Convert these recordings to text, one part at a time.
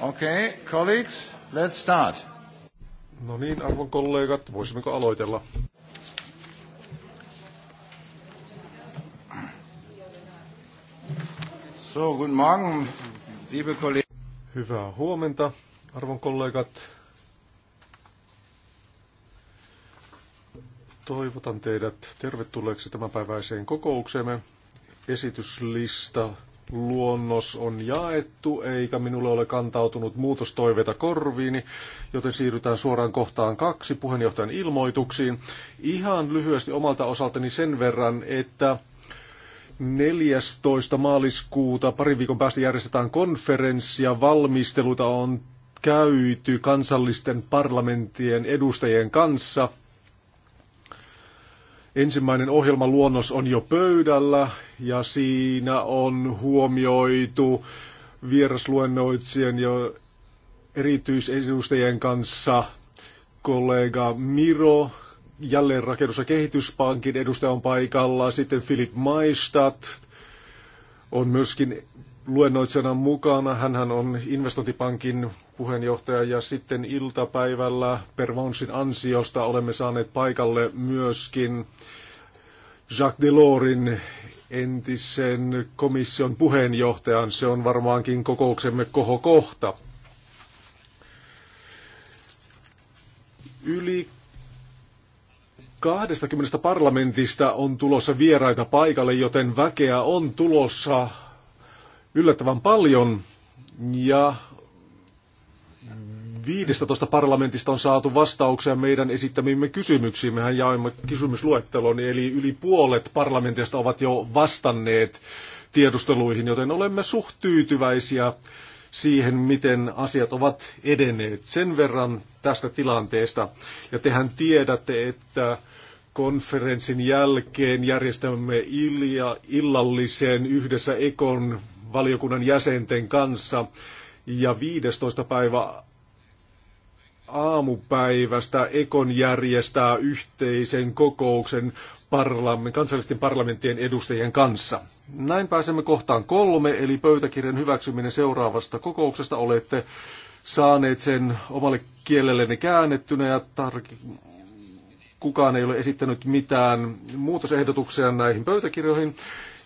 Okay, colleagues, let's start. No niin, arvon kollegat, voisimmeko aloitella? So, guten Morgen, liebe Kollegen. Hyvää huomenta, arvon kollegat. Toivotan teidät tervetulleeksi tämänpäiväiseen kokoukseemme. Esityslista luonnos on jaettu, eikä minulle ole kantautunut muutostoiveita korviini, joten siirrytään suoraan kohtaan kaksi puheenjohtajan ilmoituksiin. Ihan lyhyesti omalta osaltani sen verran, että 14. maaliskuuta pari viikon päästä järjestetään ja Valmisteluta on käyty kansallisten parlamenttien edustajien kanssa – Ensimmäinen ohjelmaluonnos on jo pöydällä ja siinä on huomioitu vierasluennoitsijan ja erityisedustajien kanssa kollega Miro, jälleen rakennus- ja kehityspankin edustaja on paikalla, sitten Philip Maistat on myöskin luennoitsijana mukana. hän on investointipankin puheenjohtaja ja sitten iltapäivällä Pervonsin ansiosta olemme saaneet paikalle myöskin Jacques Delorin entisen komission puheenjohtajan. Se on varmaankin kokouksemme kohokohta. Yli 20 parlamentista on tulossa vieraita paikalle, joten väkeä on tulossa yllättävän paljon ja 15 parlamentista on saatu vastauksia meidän esittämiimme kysymyksiin. Mehän jaoimme kysymysluettelon, eli yli puolet parlamentista ovat jo vastanneet tiedusteluihin, joten olemme suht tyytyväisiä siihen, miten asiat ovat edenneet sen verran tästä tilanteesta. Ja tehän tiedätte, että konferenssin jälkeen järjestämme illia, illallisen yhdessä Ekon valiokunnan jäsenten kanssa. Ja 15. päivä aamupäivästä Ekon järjestää yhteisen kokouksen parlament, kansallisten parlamenttien edustajien kanssa. Näin pääsemme kohtaan kolme, eli pöytäkirjan hyväksyminen seuraavasta kokouksesta. Olette saaneet sen omalle kielelleni käännettynä ja tar- kukaan ei ole esittänyt mitään muutosehdotuksia näihin pöytäkirjoihin.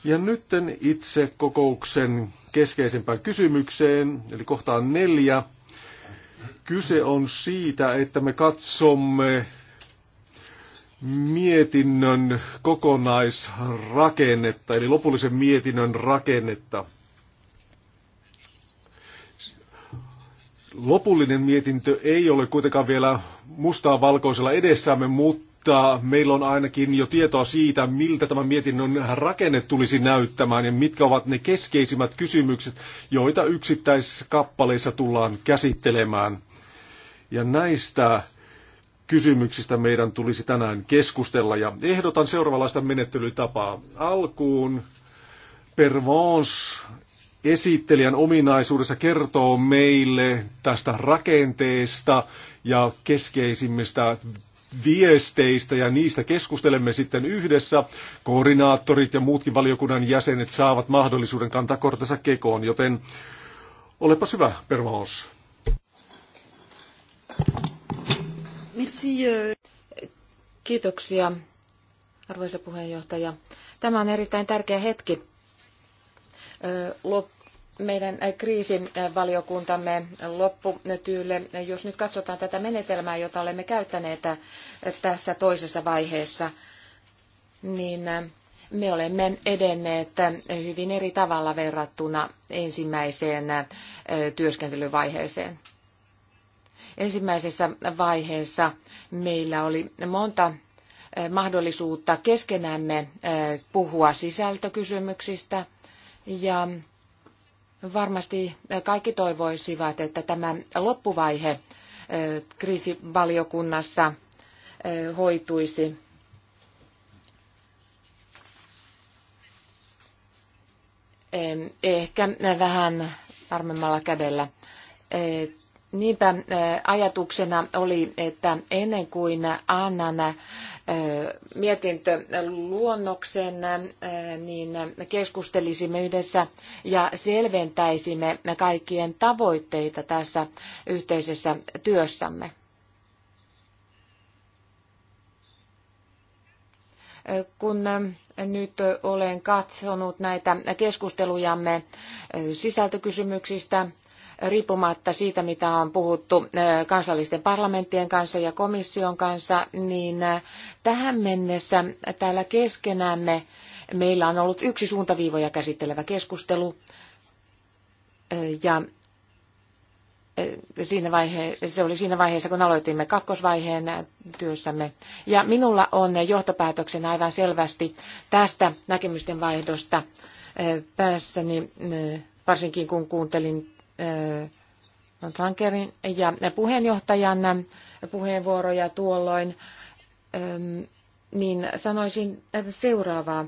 Ja nyt itse kokouksen keskeisimpään kysymykseen, eli kohtaan neljä. Kyse on siitä, että me katsomme mietinnön kokonaisrakennetta, eli lopullisen mietinnön rakennetta. Lopullinen mietintö ei ole kuitenkaan vielä mustaa valkoisella edessämme, mutta mutta meillä on ainakin jo tietoa siitä, miltä tämä mietinnön rakenne tulisi näyttämään ja mitkä ovat ne keskeisimmät kysymykset, joita yksittäisissä kappaleissa tullaan käsittelemään. Ja näistä kysymyksistä meidän tulisi tänään keskustella ja ehdotan seuraavanlaista menettelytapaa. Alkuun Pervons esittelijän ominaisuudessa kertoo meille tästä rakenteesta ja keskeisimmistä viesteistä ja niistä keskustelemme sitten yhdessä. Koordinaattorit ja muutkin valiokunnan jäsenet saavat mahdollisuuden kantaa kortensa kekoon, joten olepa hyvä, Pervaos. Euh. Kiitoksia, arvoisa puheenjohtaja. Tämä on erittäin tärkeä hetki. Loppu meidän äh, kriisivaliokuntamme lopputyylle. Jos nyt katsotaan tätä menetelmää, jota olemme käyttäneet äh, tässä toisessa vaiheessa, niin äh, me olemme edenneet hyvin eri tavalla verrattuna ensimmäiseen työskentelyvaiheeseen. Ensimmäisessä vaiheessa meillä oli monta mahdollisuutta keskenämme puhua sisältökysymyksistä ja Varmasti kaikki toivoisivat, että tämä loppuvaihe kriisivaliokunnassa hoituisi. Ehkä vähän varmemmalla kädellä Niinpä eh, ajatuksena oli, että ennen kuin annan eh, mietintöluonnoksen, eh, niin keskustelisimme yhdessä ja selventäisimme kaikkien tavoitteita tässä yhteisessä työssämme. kun nyt olen katsonut näitä keskustelujamme sisältökysymyksistä, riippumatta siitä, mitä on puhuttu eh, kansallisten parlamenttien kanssa ja komission kanssa, niin eh, tähän mennessä täällä keskenämme meillä on ollut yksi suuntaviivoja käsittelevä keskustelu. Eh, ja siinä vaihe, se oli siinä vaiheessa, kun aloitimme kakkosvaiheen työssämme. Ja minulla on johtopäätöksenä aivan selvästi tästä näkemysten vaihdosta päässäni, varsinkin kun kuuntelin Tankerin ja puheenjohtajan puheenvuoroja tuolloin, niin sanoisin seuraavaa.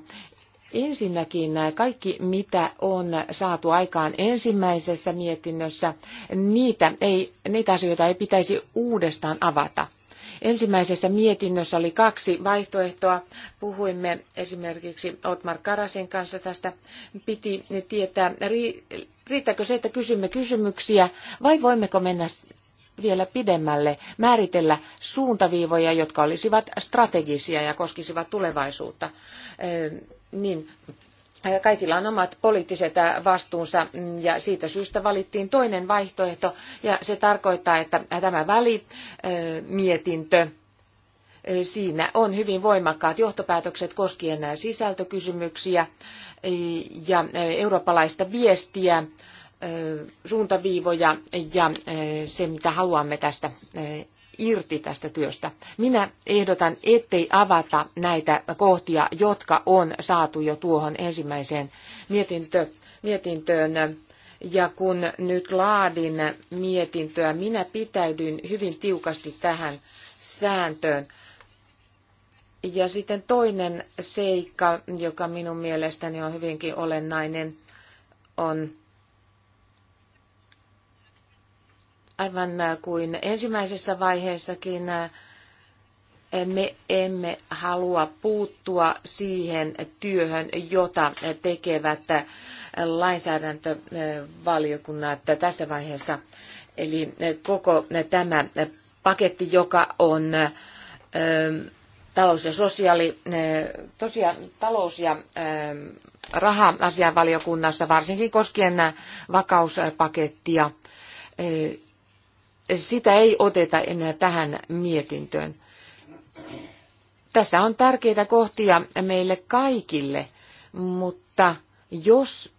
Ensinnäkin kaikki, mitä on saatu aikaan ensimmäisessä mietinnössä, niitä, ei, niitä asioita ei pitäisi uudestaan avata. Ensimmäisessä mietinnössä oli kaksi vaihtoehtoa. Puhuimme esimerkiksi Otmar Karasin kanssa tästä. Piti tietää riittääkö se, että kysymme kysymyksiä vai voimmeko mennä vielä pidemmälle, määritellä suuntaviivoja, jotka olisivat strategisia ja koskisivat tulevaisuutta. Niin kaikilla on omat poliittiset vastuunsa mm, ja siitä syystä valittiin toinen vaihtoehto ja se tarkoittaa, että tämä välimietintö Siinä on hyvin voimakkaat johtopäätökset koskien sisältökysymyksiä ja eurooppalaista viestiä, suuntaviivoja ja se, mitä haluamme tästä irti tästä työstä. Minä ehdotan, ettei avata näitä kohtia, jotka on saatu jo tuohon ensimmäiseen mietintö, mietintöön. Ja kun nyt laadin mietintöä, minä pitäydyin hyvin tiukasti tähän sääntöön. Ja sitten toinen seikka, joka minun mielestäni on hyvinkin olennainen, on aivan kuin ensimmäisessä vaiheessakin me emme halua puuttua siihen työhön, jota tekevät lainsäädäntövaliokunnat tässä vaiheessa. Eli koko tämä paketti, joka on talous- ja sosiaali, eh, tosiaan, talous- ja eh, raha-asianvaliokunnassa, varsinkin koskien vakauspakettia. Eh, sitä ei oteta enää tähän mietintöön. Tässä on tärkeitä kohtia meille kaikille, mutta jos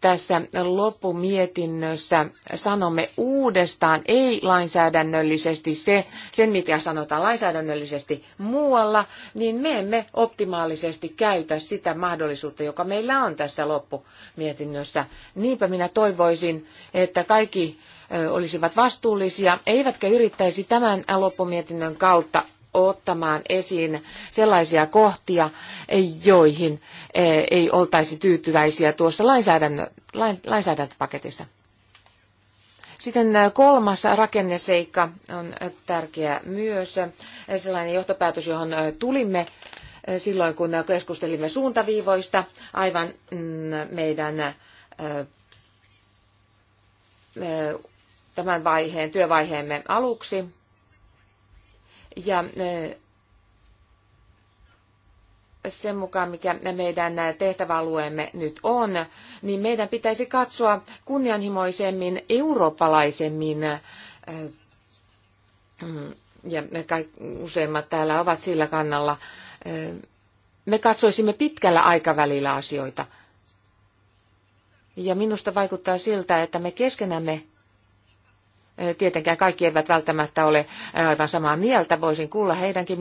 tässä loppumietinnössä sanomme uudestaan ei lainsäädännöllisesti se, sen mitä sanotaan lainsäädännöllisesti muualla, niin me emme optimaalisesti käytä sitä mahdollisuutta, joka meillä on tässä loppumietinnössä. Niinpä minä toivoisin, että kaikki olisivat vastuullisia, eivätkä yrittäisi tämän loppumietinnön kautta ottamaan esiin sellaisia kohtia, joihin eh, ei oltaisi tyytyväisiä tuossa lainsäädäntöpaketissa. Sitten eh, kolmas rakenneseikka on tärkeä myös. Eh, sellainen johtopäätös, johon tulimme silloin, kun keskustelimme suuntaviivoista aivan mm, meidän tämän vaiheen, työvaiheemme aluksi ja e, sen mukaan, mikä meidän tehtäväalueemme nyt on, niin meidän pitäisi katsoa kunnianhimoisemmin, eurooppalaisemmin, e, mm, ja useimmat täällä ovat sillä kannalla, e, me katsoisimme pitkällä aikavälillä asioita. Ja minusta vaikuttaa siltä, että me keskenämme Tietenkään kaikki eivät välttämättä ole aivan samaa mieltä, voisin kuulla heidänkin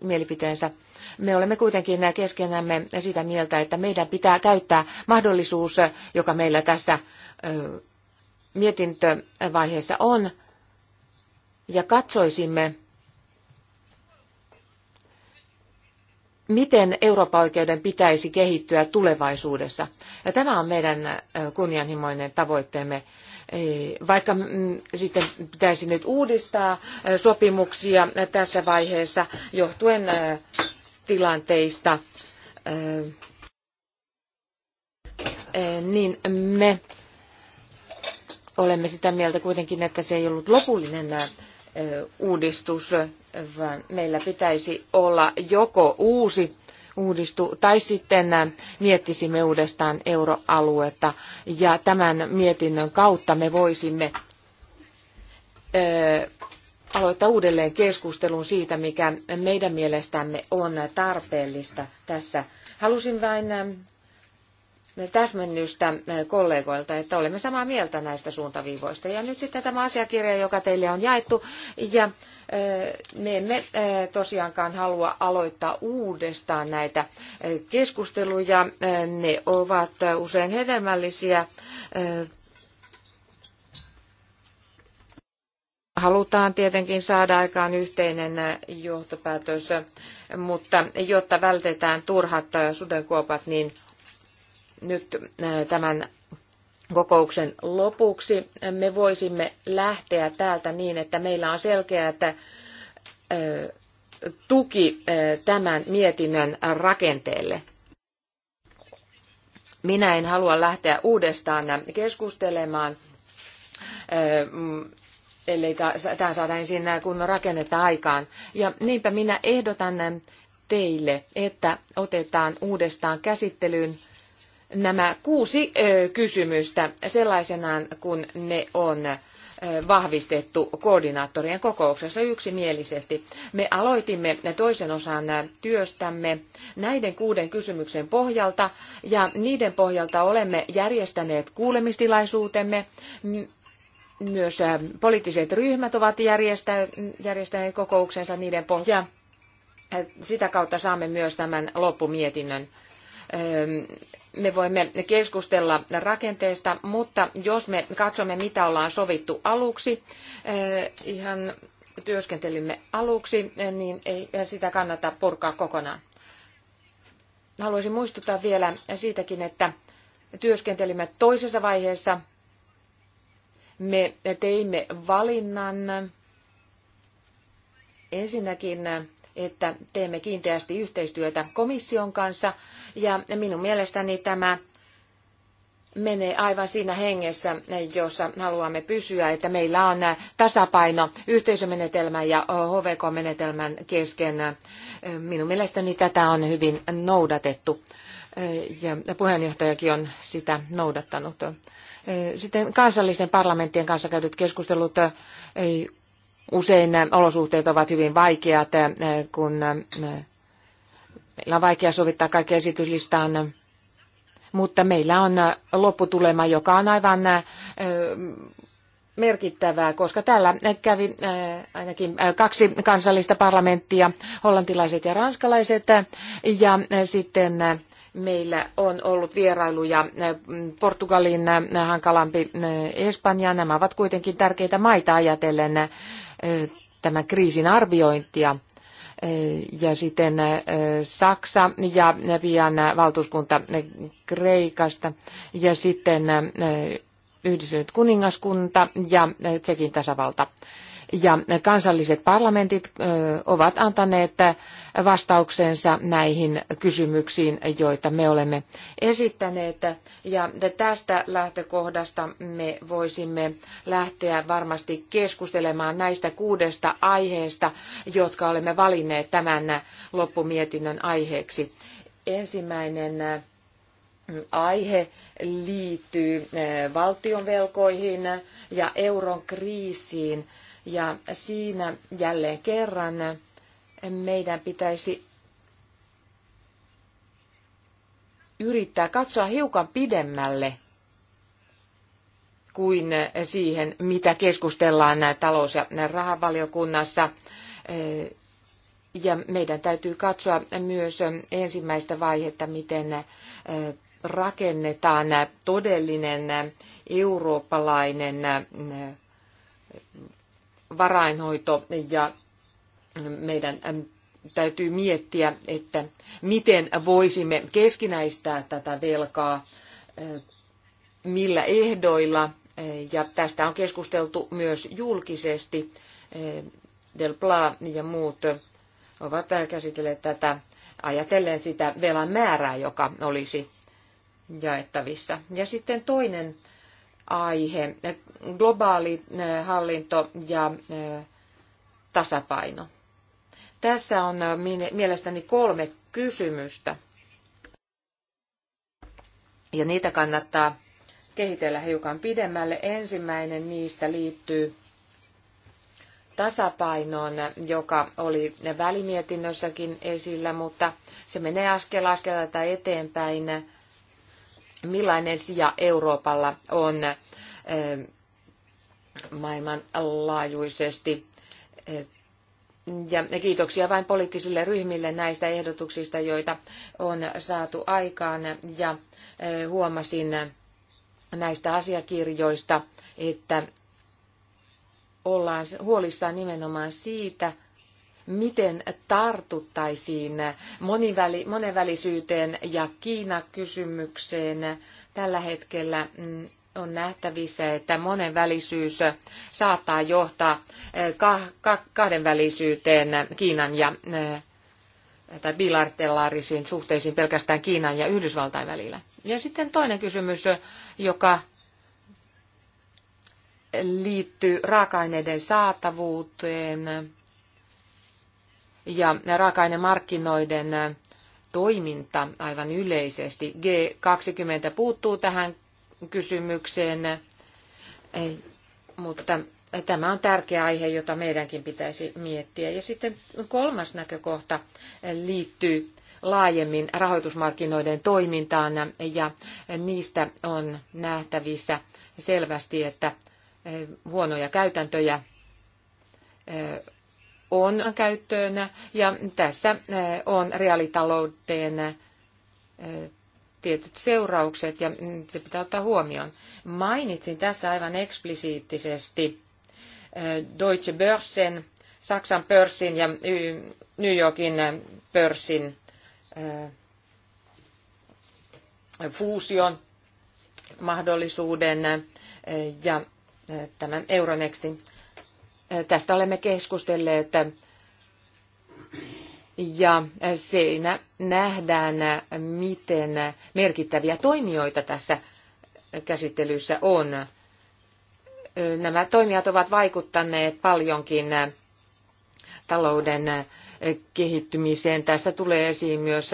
mielipiteensä. Me olemme kuitenkin keskenämme sitä mieltä, että meidän pitää käyttää mahdollisuus, joka meillä tässä mietintövaiheessa on, ja katsoisimme, miten Eurooppa-oikeuden pitäisi kehittyä tulevaisuudessa. Ja tämä on meidän kunnianhimoinen tavoitteemme. Vaikka mm, sitten pitäisi nyt uudistaa sopimuksia tässä vaiheessa johtuen tilanteista, niin me olemme sitä mieltä kuitenkin, että se ei ollut lopullinen uudistus, vaan meillä pitäisi olla joko uusi uudistu, tai sitten äh, miettisimme uudestaan euroaluetta. Ja tämän mietinnön kautta me voisimme äh, aloittaa uudelleen keskustelun siitä, mikä meidän mielestämme on tarpeellista tässä. Halusin vain äh, täsmennystä äh, kollegoilta, että olemme samaa mieltä näistä suuntaviivoista. Ja nyt sitten tämä asiakirja, joka teille on jaettu, ja äh, me emme äh, tosiaankaan halua aloittaa uudestaan näitä keskusteluja. Ne ovat usein hedelmällisiä. Halutaan tietenkin saada aikaan yhteinen johtopäätös, mutta jotta vältetään turhat sudenkuopat, niin nyt tämän kokouksen lopuksi me voisimme lähteä täältä niin, että meillä on selkeä, että tuki tämän mietinnön rakenteelle. Minä en halua lähteä uudestaan keskustelemaan, mm, ellei tämä saada ensin kunnon rakennetta aikaan. Ja niinpä minä ehdotan teille, että otetaan uudestaan käsittelyyn nämä kuusi kysymystä sellaisenaan, kun ne on vahvistettu koordinaattorien kokouksessa yksimielisesti. Me aloitimme toisen osan työstämme näiden kuuden kysymyksen pohjalta ja niiden pohjalta olemme järjestäneet kuulemistilaisuutemme. Myös poliittiset ryhmät ovat järjestäneet kokouksensa niiden pohjalta. Sitä kautta saamme myös tämän loppumietinnön me voimme keskustella rakenteesta, mutta jos me katsomme, mitä ollaan sovittu aluksi, eh, ihan työskentelimme aluksi, eh, niin ei sitä kannata purkaa kokonaan. Haluaisin muistuttaa vielä siitäkin, että työskentelimme toisessa vaiheessa. Me teimme valinnan ensinnäkin että teemme kiinteästi yhteistyötä komission kanssa ja minun mielestäni tämä menee aivan siinä hengessä, jossa haluamme pysyä, että meillä on tasapaino yhteisömenetelmän ja HVK-menetelmän kesken. Minun mielestäni tätä on hyvin noudatettu ja puheenjohtajakin on sitä noudattanut. Sitten kansallisten parlamenttien kanssa käydyt keskustelut, Usein olosuhteet ovat hyvin vaikeat, kun meillä on vaikea sovittaa kaikki esityslistaan, mutta meillä on lopputulema, joka on aivan merkittävää, koska täällä kävi ainakin kaksi kansallista parlamenttia, hollantilaiset ja ranskalaiset, ja sitten meillä on ollut vierailuja Portugalin hankalampi Espanja. Nämä ovat kuitenkin tärkeitä maita ajatellen tämän kriisin arviointia ja sitten Saksa ja pian valtuuskunta Kreikasta ja sitten Yhdistynyt kuningaskunta ja Tsekin tasavalta ja kansalliset parlamentit ovat antaneet vastauksensa näihin kysymyksiin, joita me olemme esittäneet. Ja tästä lähtökohdasta me voisimme lähteä varmasti keskustelemaan näistä kuudesta aiheesta, jotka olemme valinneet tämän loppumietinnön aiheeksi. Ensimmäinen aihe liittyy valtionvelkoihin ja euron kriisiin ja siinä jälleen kerran meidän pitäisi yrittää katsoa hiukan pidemmälle kuin siihen, mitä keskustellaan talous- ja rahavaliokunnassa. Ja meidän täytyy katsoa myös ensimmäistä vaihetta, miten rakennetaan todellinen eurooppalainen varainhoito ja meidän täytyy miettiä, että miten voisimme keskinäistää tätä velkaa, millä ehdoilla, ja tästä on keskusteltu myös julkisesti. Del Pla ja muut ovat käsitelleet tätä ajatellen sitä velan määrää, joka olisi jaettavissa. Ja sitten toinen aihe, globaali eh, hallinto ja eh, tasapaino. Tässä on eh, mielestäni kolme kysymystä. Ja niitä kannattaa kehitellä hiukan pidemmälle. Ensimmäinen niistä liittyy tasapainoon, joka oli välimietinnössäkin esillä, mutta se menee askel askelta eteenpäin millainen sija Euroopalla on eh, maailmanlaajuisesti. Eh, ja kiitoksia vain poliittisille ryhmille näistä ehdotuksista, joita on saatu aikaan. Ja eh, huomasin näistä asiakirjoista, että ollaan huolissaan nimenomaan siitä, miten tartuttaisiin moniväli, monenvälisyyteen ja Kiina-kysymykseen. Tällä hetkellä mm, on nähtävissä, että monenvälisyys saattaa johtaa eh, kahdenvälisyyteen Kiinan ja eh, tai bilateraarisiin suhteisiin pelkästään Kiinan ja Yhdysvaltain välillä. Ja sitten toinen kysymys, joka liittyy raaka-aineiden saatavuuteen ja raaka-ainemarkkinoiden äh, toiminta aivan yleisesti. G20 puuttuu tähän kysymykseen, mutta tämä on tärkeä aihe, jota meidänkin pitäisi miettiä. Ja sitten kolmas näkökohta liittyy laajemmin rahoitusmarkkinoiden toimintaan ja niistä on nähtävissä selvästi, että eh, huonoja käytäntöjä eh, on käyttöön ja tässä eh, on reaalitalouteen eh, tietyt seuraukset ja mm, se pitää ottaa huomioon. Mainitsin tässä aivan eksplisiittisesti eh, Deutsche Börsen, Saksan pörssin ja New Yorkin pörssin fuusion mahdollisuuden ja tämän Euronextin Tästä olemme keskustelleet ja siinä nähdään, miten merkittäviä toimijoita tässä käsittelyssä on. Nämä toimijat ovat vaikuttaneet paljonkin talouden kehittymiseen. Tässä tulee esiin myös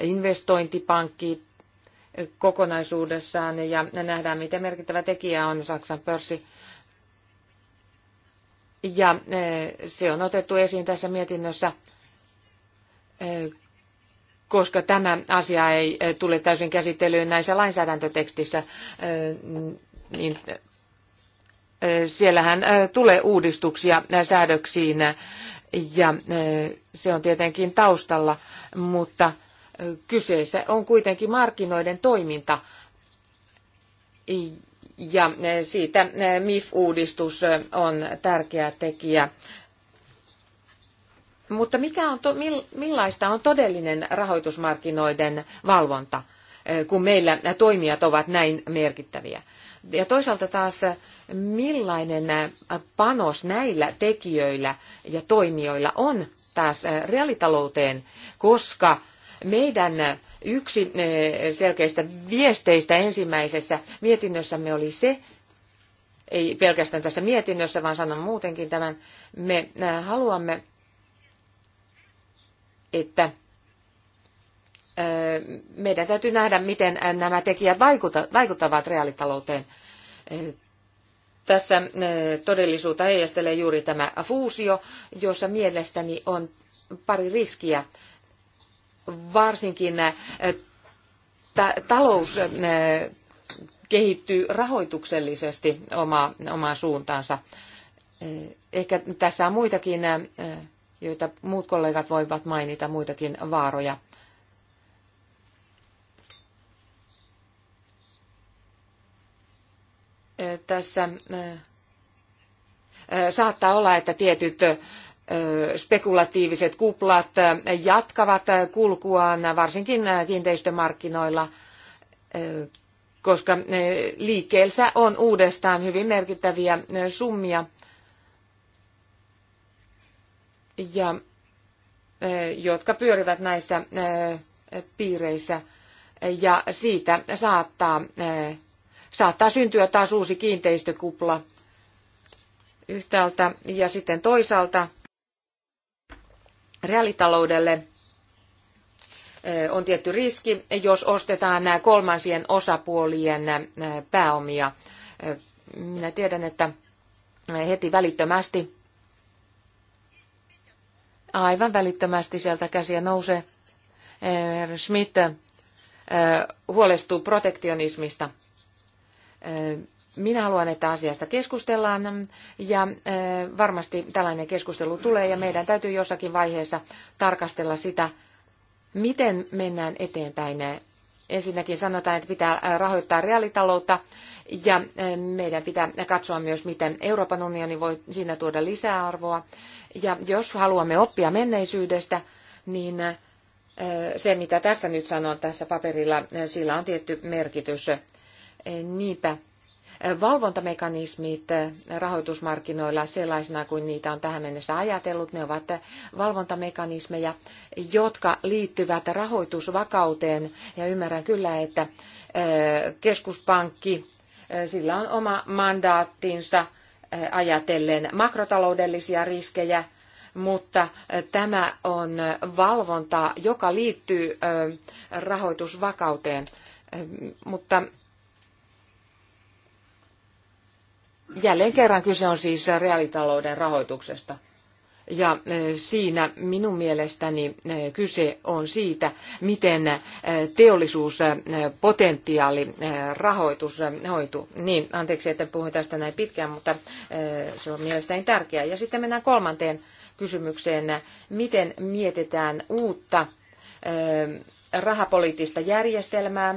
investointipankki kokonaisuudessaan ja nähdään, miten merkittävä tekijä on Saksan pörssi ja e, se on otettu esiin tässä mietinnössä, e, koska tämä asia ei e, tule täysin käsittelyyn näissä lainsäädäntötekstissä, niin siellähän tulee uudistuksia säädöksiin ja se on tietenkin taustalla, mutta kyseessä on kuitenkin markkinoiden toiminta ja e, siitä e, MIF-uudistus e, on tärkeä tekijä. Mutta mikä on to, millaista on todellinen rahoitusmarkkinoiden valvonta, kun meillä toimijat ovat näin merkittäviä? Ja toisaalta taas, millainen panos näillä tekijöillä ja toimijoilla on taas reaalitalouteen, koska meidän Yksi eh, selkeistä viesteistä ensimmäisessä mietinnössämme oli se, ei pelkästään tässä mietinnössä, vaan sanon muutenkin tämän, me eh, haluamme, että eh, meidän täytyy nähdä, miten nämä tekijät vaikuttavat reaalitalouteen. Tässä todellisuutta heijastelee juuri tämä fuusio, jossa mielestäni on pari riskiä varsinkin äh, ta- talous äh, kehittyy rahoituksellisesti oma, omaan suuntaansa. Äh, ehkä tässä on muitakin, joita muut kollegat voivat mainita, muitakin vaaroja. Tässä saattaa olla, että tietyt spekulatiiviset kuplat jatkavat kulkuaan varsinkin kiinteistömarkkinoilla, koska liikkeellä on uudestaan hyvin merkittäviä summia. Ja jotka pyörivät näissä piireissä ja siitä saattaa, saattaa syntyä taas uusi kiinteistökupla yhtäältä ja sitten toisaalta reaalitaloudelle on tietty riski, jos ostetaan nämä kolmansien osapuolien pääomia. Minä tiedän, että heti välittömästi, aivan välittömästi sieltä käsiä nousee. Schmidt huolestuu protektionismista minä haluan, että asiasta keskustellaan ja varmasti tällainen keskustelu tulee ja meidän täytyy jossakin vaiheessa tarkastella sitä, miten mennään eteenpäin. Ensinnäkin sanotaan, että pitää rahoittaa reaalitaloutta ja meidän pitää katsoa myös, miten Euroopan unioni voi siinä tuoda lisäarvoa. Ja jos haluamme oppia menneisyydestä, niin se, mitä tässä nyt sanon tässä paperilla, sillä on tietty merkitys. Niinpä Valvontamekanismit rahoitusmarkkinoilla sellaisina kuin niitä on tähän mennessä ajatellut, ne ovat valvontamekanismeja, jotka liittyvät rahoitusvakauteen. Ja ymmärrän kyllä, että äh, keskuspankki, äh, sillä on oma mandaattinsa äh, ajatellen makrotaloudellisia riskejä, mutta tämä on valvonta, joka liittyy rahoitusvakauteen. Mutta Jälleen kerran kyse on siis reaalitalouden rahoituksesta. Ja e, siinä minun mielestäni e, kyse on siitä, miten e, teollisuuspotentiaali rahoitus hoituu. Niin, anteeksi, että puhuin tästä näin pitkään, mutta se on mielestäni tärkeää. Ja sitten mennään kolmanteen kysymykseen. Miten mietitään uutta rahapoliittista järjestelmää?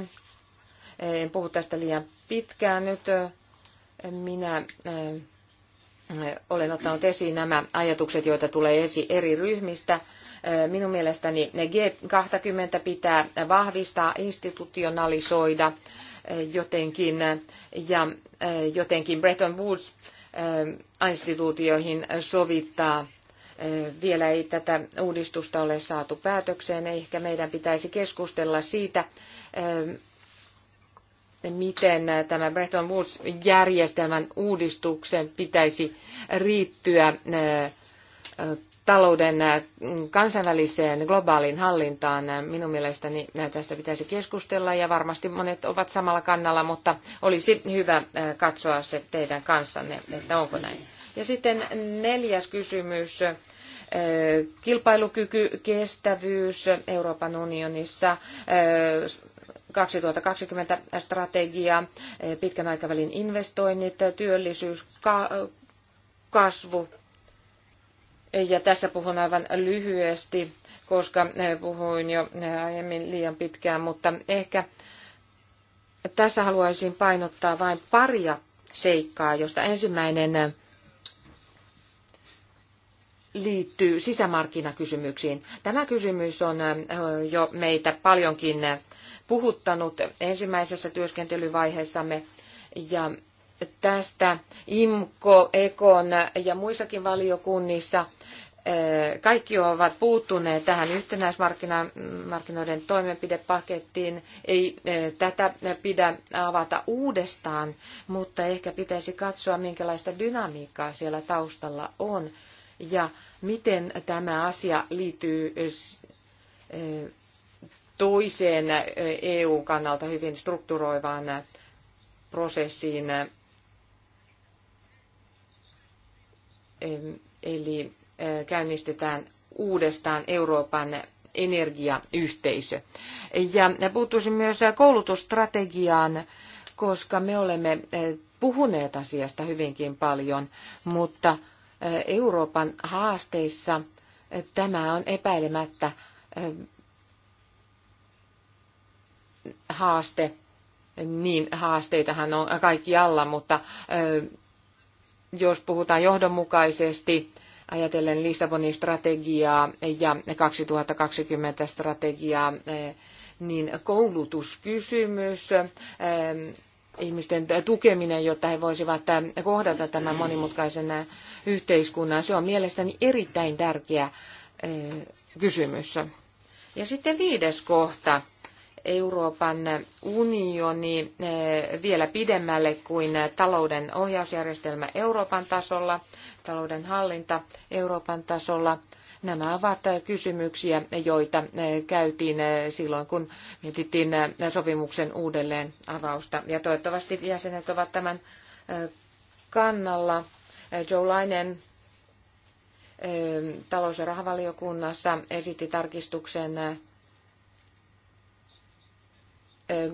En puhu tästä liian pitkään nyt minä äh, olen ottanut esiin nämä ajatukset, joita tulee esi eri ryhmistä. Äh, minun mielestäni G20 pitää vahvistaa, institutionalisoida äh, jotenkin ja jotenkin Bretton Woods instituutioihin sovittaa. Vielä ei tätä uudistusta ole saatu päätökseen, ehkä meidän pitäisi keskustella siitä, miten äh, tämä Bretton Woods-järjestelmän uudistuksen pitäisi riittyä äh, äh, talouden kansainväliseen globaaliin hallintaan. Minun mielestäni tästä pitäisi keskustella ja varmasti monet ovat samalla kannalla, mutta olisi hyvä katsoa se teidän kanssanne, että onko näin. Ja sitten neljäs kysymys. Kilpailukyky, kestävyys Euroopan unionissa, 2020 strategia, pitkän aikavälin investoinnit, työllisyys, kasvu. Ja tässä puhun aivan lyhyesti, koska puhuin jo aiemmin liian pitkään, mutta ehkä tässä haluaisin painottaa vain paria seikkaa, josta ensimmäinen liittyy sisämarkkinakysymyksiin. Tämä kysymys on jo meitä paljonkin puhuttanut ensimmäisessä työskentelyvaiheessamme ja tästä IMKO, EKON ja muissakin valiokunnissa eh, kaikki ovat puuttuneet tähän yhtenäismarkkinoiden toimenpidepakettiin. Ei eh, tätä pidä avata uudestaan, mutta ehkä pitäisi katsoa, minkälaista dynamiikkaa siellä taustalla on ja miten tämä asia liittyy eh, toiseen EU-kannalta hyvin strukturoivaan prosessiin. Eli käynnistetään uudestaan Euroopan energiayhteisö. Ja puuttuisin myös koulutusstrategiaan, koska me olemme puhuneet asiasta hyvinkin paljon, mutta Euroopan haasteissa tämä on epäilemättä haaste, niin haasteitahan on kaikkialla, mutta jos puhutaan johdonmukaisesti, ajatellen Lissabonin strategiaa ja 2020 strategiaa, niin koulutuskysymys, ihmisten tukeminen, jotta he voisivat kohdata tämän monimutkaisen yhteiskunnan, se on mielestäni erittäin tärkeä kysymys. Ja sitten viides kohta, Euroopan unioni eh, vielä pidemmälle kuin talouden ohjausjärjestelmä Euroopan tasolla, talouden hallinta Euroopan tasolla. Nämä ovat kysymyksiä, joita eh, käytiin eh, silloin, kun mietittiin sopimuksen uudelleen avausta. Ja toivottavasti jäsenet ovat tämän kannalla. Joe Lainen talous- ja rahavaliokunnassa esitti tarkistuksen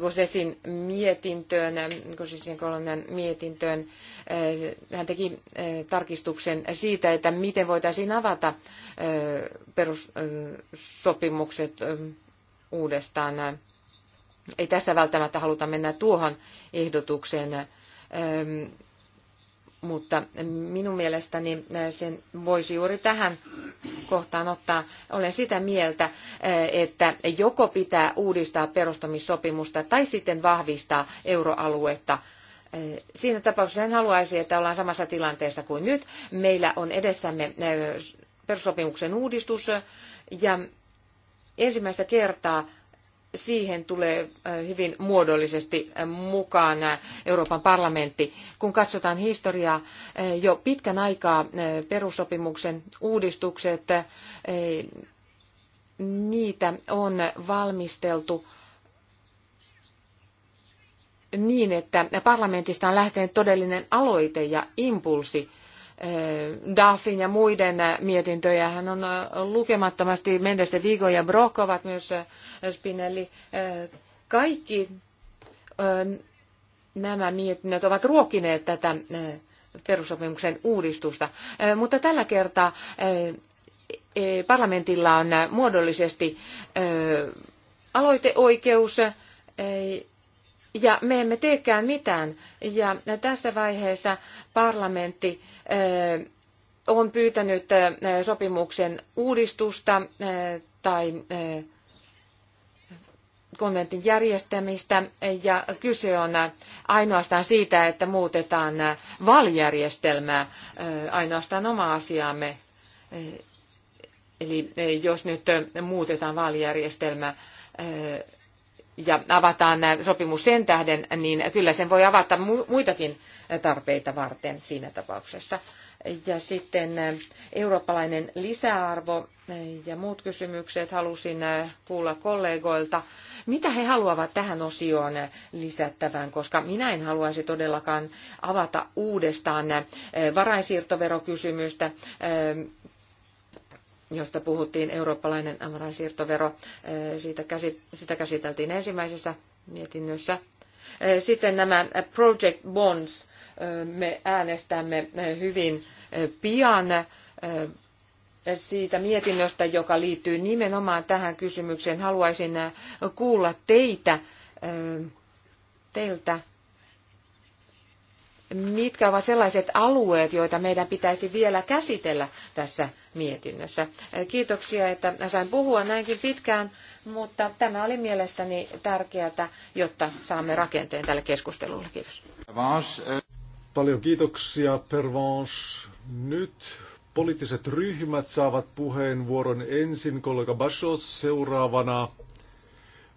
Gosesin mietintöön, Gosesin kolonnan mietintöön. Eh, hän teki eh, tarkistuksen siitä, että miten voitaisiin avata eh, perussopimukset uudestaan. Ei tässä välttämättä haluta mennä tuohon ehdotukseen mutta minun mielestäni sen voisi juuri tähän kohtaan ottaa. Olen sitä mieltä, eh, että joko pitää uudistaa perustamissopimusta tai sitten vahvistaa euroaluetta. Eh, siinä tapauksessa en haluaisi, että ollaan samassa tilanteessa kuin nyt. Meillä on edessämme eh, perussopimuksen uudistus ja ensimmäistä kertaa siihen tulee hyvin muodollisesti mukaan Euroopan parlamentti. Kun katsotaan historiaa, jo pitkän aikaa perussopimuksen uudistukset, niitä on valmisteltu niin, että parlamentista on lähtenyt todellinen aloite ja impulsi – Daffin ja muiden mietintöjä. Hän on äh, lukemattomasti de Vigo ja Brock ovat myös äh, Spinelli. Äh, kaikki nämä mietinnöt ovat ruokineet tätä perusopimuksen uudistusta, mutta tällä kertaa e, parlamentilla on muodollisesti aloiteoikeus ja me emme teekään mitään. Ja tässä vaiheessa parlamentti on pyytänyt sopimuksen uudistusta tai konventin järjestämistä ja kyse on ainoastaan siitä, että muutetaan valjärjestelmää ainoastaan oma asiaamme. Eli jos nyt muutetaan vaalijärjestelmää ja avataan sopimus sen tähden, niin kyllä sen voi avata muitakin tarpeita varten siinä tapauksessa. Ja sitten eh, eurooppalainen lisäarvo eh, ja muut kysymykset halusin eh, kuulla kollegoilta. Mitä he haluavat tähän osioon lisättävän, koska minä en haluaisi todellakaan avata uudestaan varainsiirtoverokysymystä josta puhuttiin, eurooppalainen amarainsiirtovero, siitä sitä käsiteltiin ensimmäisessä mietinnössä. Sitten nämä project bonds, me äänestämme hyvin pian siitä mietinnöstä, joka liittyy nimenomaan tähän kysymykseen. Haluaisin kuulla teitä, teiltä mitkä ovat sellaiset alueet, joita meidän pitäisi vielä käsitellä tässä mietinnössä. Kiitoksia, että sain puhua näinkin pitkään, mutta tämä oli mielestäni tärkeää, jotta saamme rakenteen tälle keskustelulle. Kiitos. Paljon kiitoksia, Pervans. Nyt poliittiset ryhmät saavat puheenvuoron ensin kollega Bashos, seuraavana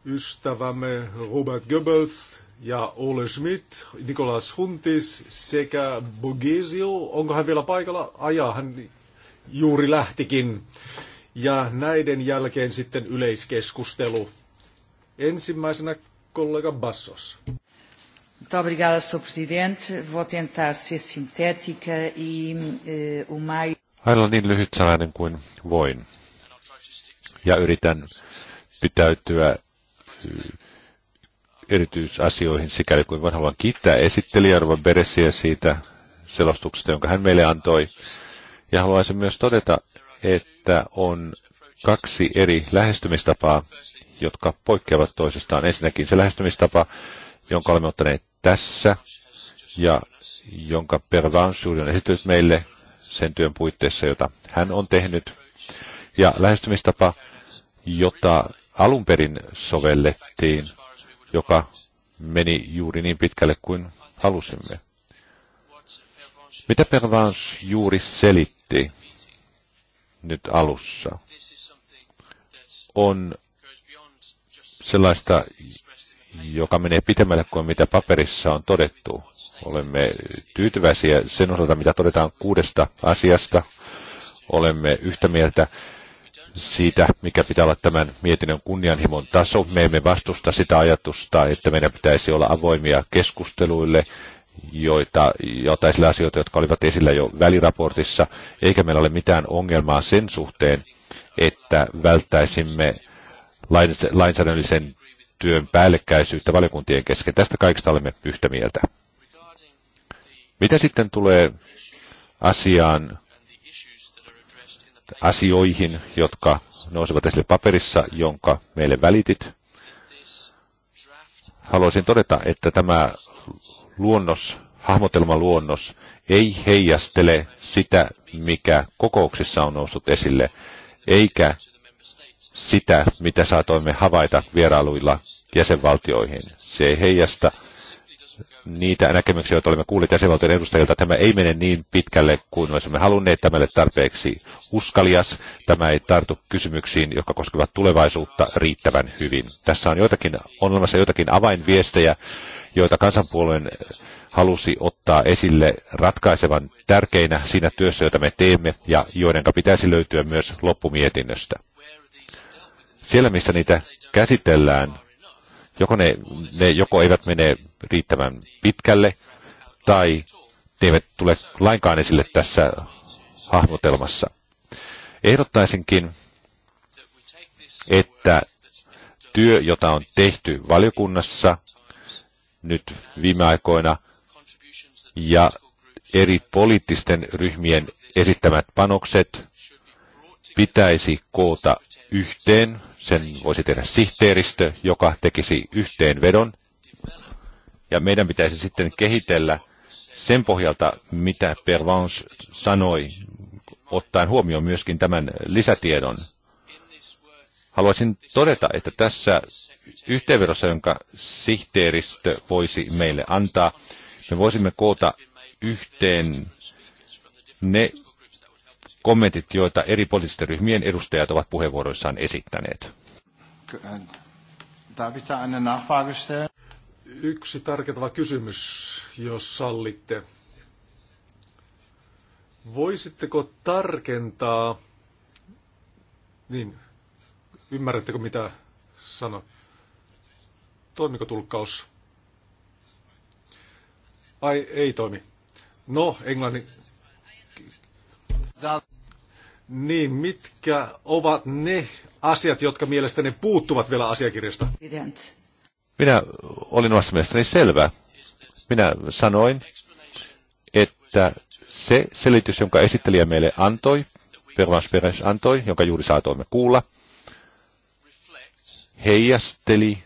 ystävämme Robert Goebbels, ja Ole Schmidt, Nikolas Huntis sekä Bogesio. Onko hän vielä paikalla? Ajaa, hän juuri lähtikin. Ja näiden jälkeen sitten yleiskeskustelu. Ensimmäisenä kollega Bassos. Muito obrigada, Sr. Presidente. Vou tentar ser sintética e eh, o mais... Aina niin lyhyt sanainen kuin voin. Ja yritän pitäytyä eh, erityisasioihin sikäli kuin vain haluan kiittää esittelijä Arvo Beresiä siitä selostuksesta, jonka hän meille antoi. Ja haluaisin myös todeta, että on kaksi eri lähestymistapaa, jotka poikkeavat toisistaan. Ensinnäkin se lähestymistapa, jonka olemme ottaneet tässä ja jonka Pervansuri on esitellyt meille sen työn puitteissa, jota hän on tehnyt. Ja lähestymistapa, jota alun perin sovellettiin joka meni juuri niin pitkälle kuin halusimme. Mitä Pervans juuri selitti nyt alussa, on sellaista, joka menee pitemmälle kuin mitä paperissa on todettu. Olemme tyytyväisiä sen osalta, mitä todetaan kuudesta asiasta. Olemme yhtä mieltä siitä, mikä pitää olla tämän mietinnön kunnianhimon taso. Me emme vastusta sitä ajatusta, että meidän pitäisi olla avoimia keskusteluille, joita, joita asioita, jotka olivat esillä jo väliraportissa, eikä meillä ole mitään ongelmaa sen suhteen, että välttäisimme lainsäädännöllisen työn päällekkäisyyttä valiokuntien kesken. Tästä kaikesta olemme yhtä mieltä. Mitä sitten tulee asiaan, asioihin, jotka nousevat esille paperissa, jonka meille välitit. Haluaisin todeta, että tämä luonnos, hahmotelmaluonnos, ei heijastele sitä, mikä kokouksissa on noussut esille, eikä sitä, mitä saatoimme havaita vierailuilla jäsenvaltioihin. Se ei heijasta niitä näkemyksiä, joita olemme kuulleet jäsenvaltion edustajilta. Tämä ei mene niin pitkälle kuin olisimme halunneet tämälle tarpeeksi uskalias. Tämä ei tartu kysymyksiin, jotka koskevat tulevaisuutta riittävän hyvin. Tässä on, joitakin, on olemassa joitakin avainviestejä, joita kansanpuolueen halusi ottaa esille ratkaisevan tärkeinä siinä työssä, jota me teemme, ja joiden pitäisi löytyä myös loppumietinnöstä. Siellä, missä niitä käsitellään, Joko ne, ne joko eivät mene riittävän pitkälle, tai ne eivät tule lainkaan esille tässä hahmotelmassa. Ehdottaisinkin, että työ, jota on tehty valiokunnassa nyt viime aikoina, ja eri poliittisten ryhmien esittämät panokset pitäisi koota yhteen sen voisi tehdä sihteeristö, joka tekisi yhteenvedon. Ja meidän pitäisi sitten kehitellä sen pohjalta, mitä Pervance sanoi, ottaen huomioon myöskin tämän lisätiedon. Haluaisin todeta, että tässä yhteenvedossa, jonka sihteeristö voisi meille antaa, me voisimme koota yhteen ne kommentit, joita eri poliittisten ryhmien edustajat ovat puheenvuoroissaan esittäneet. Äh, Yksi tarkentava kysymys, jos sallitte. Voisitteko tarkentaa, niin ymmärrättekö mitä sano? Toimiko tulkkaus? Ai, ei toimi. No, englannin... Niin, mitkä ovat ne asiat, jotka mielestäni puuttuvat vielä asiakirjasta? Minä olin omasta mielestäni selvä. Minä sanoin, että se selitys, jonka esittelijä meille antoi, Pervans Peres antoi, jonka juuri saatoimme kuulla, heijasteli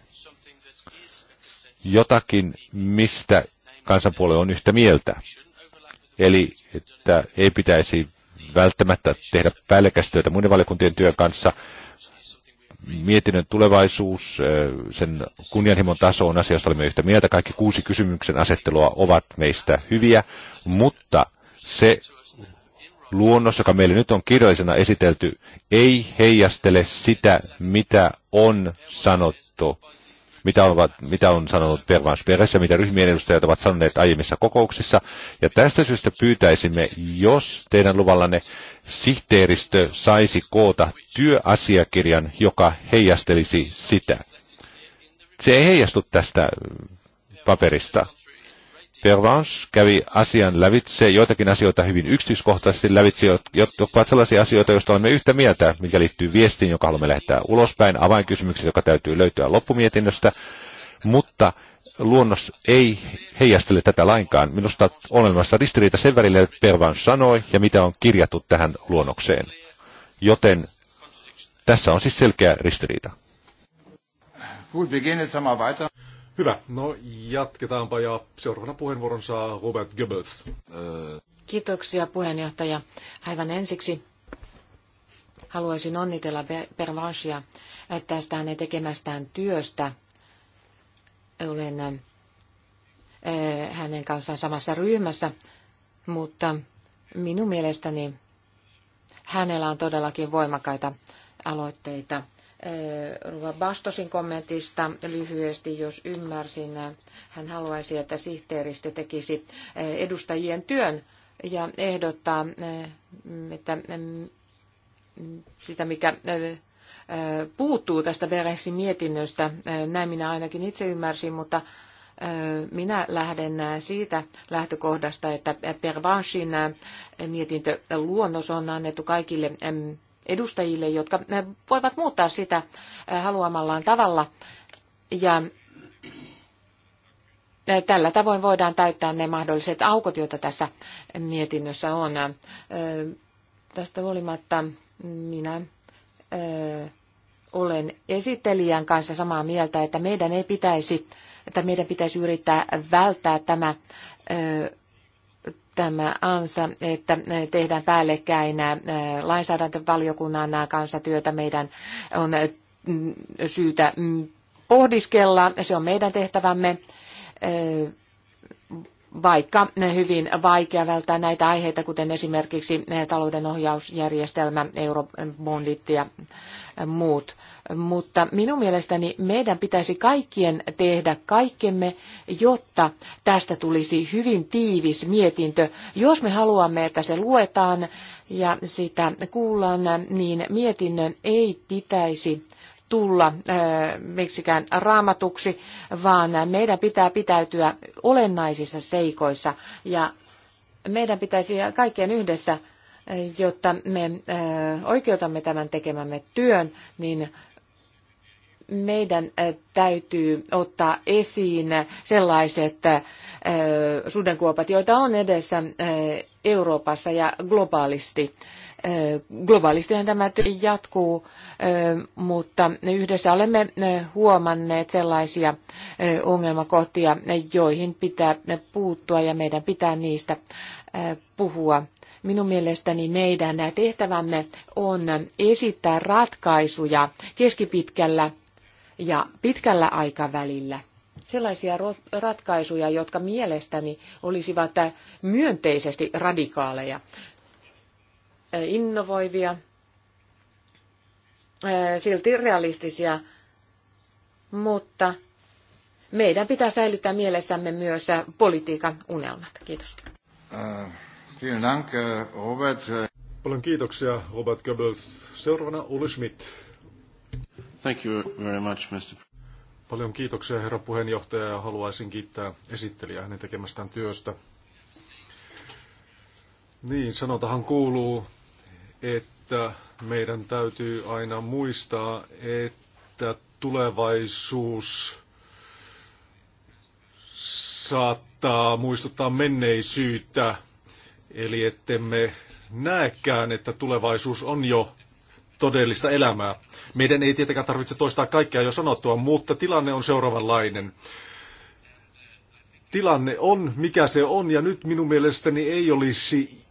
jotakin, mistä kansanpuolue on yhtä mieltä. Eli että ei pitäisi välttämättä tehdä päällekästöitä muiden valiokuntien työn kanssa. Mietinnön tulevaisuus, sen kunnianhimon taso on asia, josta olemme yhtä mieltä. Kaikki kuusi kysymyksen asettelua ovat meistä hyviä, mutta se luonnos, joka meille nyt on kirjallisena esitelty, ei heijastele sitä, mitä on sanottu mitä, ovat, mitä on sanonut Pervans Peres ja mitä ryhmien edustajat ovat sanoneet aiemmissa kokouksissa. Ja tästä syystä pyytäisimme, jos teidän luvallanne sihteeristö saisi koota työasiakirjan, joka heijastelisi sitä. Se ei heijastu tästä paperista. Pervans kävi asian lävitse, joitakin asioita hyvin yksityiskohtaisesti lävitse, jotka ovat sellaisia asioita, joista olemme yhtä mieltä, mikä liittyy viestiin, joka haluamme lähettää ulospäin, avainkysymyksiä, joka täytyy löytyä loppumietinnöstä, mutta luonnos ei heijastele tätä lainkaan. Minusta on olemassa ristiriita sen välillä, että Pervans sanoi ja mitä on kirjattu tähän luonnokseen. Joten tässä on siis selkeä ristiriita. Gut, wir gehen jetzt Hyvä, no jatketaanpa ja seuraavana puheenvuoron saa Robert Goebbels. Kiitoksia puheenjohtaja. Aivan ensiksi haluaisin onnitella Pervansia tästä hänen tekemästään työstä. Olen äh, hänen kanssaan samassa ryhmässä, mutta minun mielestäni hänellä on todellakin voimakkaita aloitteita Eh, Ruva Bastosin kommentista lyhyesti, jos ymmärsin. Hän haluaisi, että sihteeristö tekisi eh, edustajien työn ja ehdottaa eh, että mm, sitä, mikä puuttuu tästä Beresin mietinnöstä. Näin minä ainakin itse ymmärsin, mutta minä lähden siitä lähtökohdasta, että mietintö mietintöluonnos on annettu kaikille edustajille, jotka voivat muuttaa sitä eh, haluamallaan tavalla. Ja eh, tällä tavoin voidaan täyttää ne mahdolliset aukot, joita tässä mietinnössä on. Eh, tästä huolimatta minä olen esittelijän kanssa samaa mieltä, että meidän ei pitäisi, että meidän pitäisi yrittää välttää tämä tämä ansa, että tehdään päällekkäin äh, lainsäädäntövaliokunnan kanssa työtä. Meidän on äh, syytä mm, pohdiskella, se on meidän tehtävämme äh, vaikka hyvin vaikea välttää näitä aiheita, kuten esimerkiksi eh, talouden ohjausjärjestelmä, eurobondit ja eh, muut. Mutta minun mielestäni meidän pitäisi kaikkien tehdä kaikkemme, jotta tästä tulisi hyvin tiivis mietintö. Jos me haluamme, että se luetaan ja sitä kuullaan, niin mietinnön ei pitäisi tulla miksikään raamatuksi, vaan meidän pitää pitäytyä olennaisissa seikoissa ja meidän pitäisi kaikkien yhdessä, jotta me oikeutamme tämän tekemämme työn, niin meidän täytyy ottaa esiin sellaiset sudenkuopat, joita on edessä Euroopassa ja globaalisti. Globaalistihan tämä jatkuu, mutta yhdessä olemme huomanneet sellaisia ongelmakohtia, joihin pitää puuttua ja meidän pitää niistä puhua. Minun mielestäni meidän tehtävämme on esittää ratkaisuja keskipitkällä ja pitkällä aikavälillä sellaisia ratkaisuja, jotka mielestäni olisivat myönteisesti radikaaleja innovoivia, silti realistisia, mutta meidän pitää säilyttää mielessämme myös politiikan unelmat. Kiitos. Paljon kiitoksia, Robert Goebbels. Seuraavana Ulle Schmidt. Thank you very much, Mr. Paljon kiitoksia, herra puheenjohtaja, ja haluaisin kiittää esittelijää hänen tekemästään työstä. Niin, sanotahan kuuluu, että meidän täytyy aina muistaa, että tulevaisuus saattaa muistuttaa menneisyyttä, eli ettemme näekään, että tulevaisuus on jo todellista elämää. Meidän ei tietenkään tarvitse toistaa kaikkea jo sanottua, mutta tilanne on seuraavanlainen. Tilanne on, mikä se on, ja nyt minun mielestäni ei olisi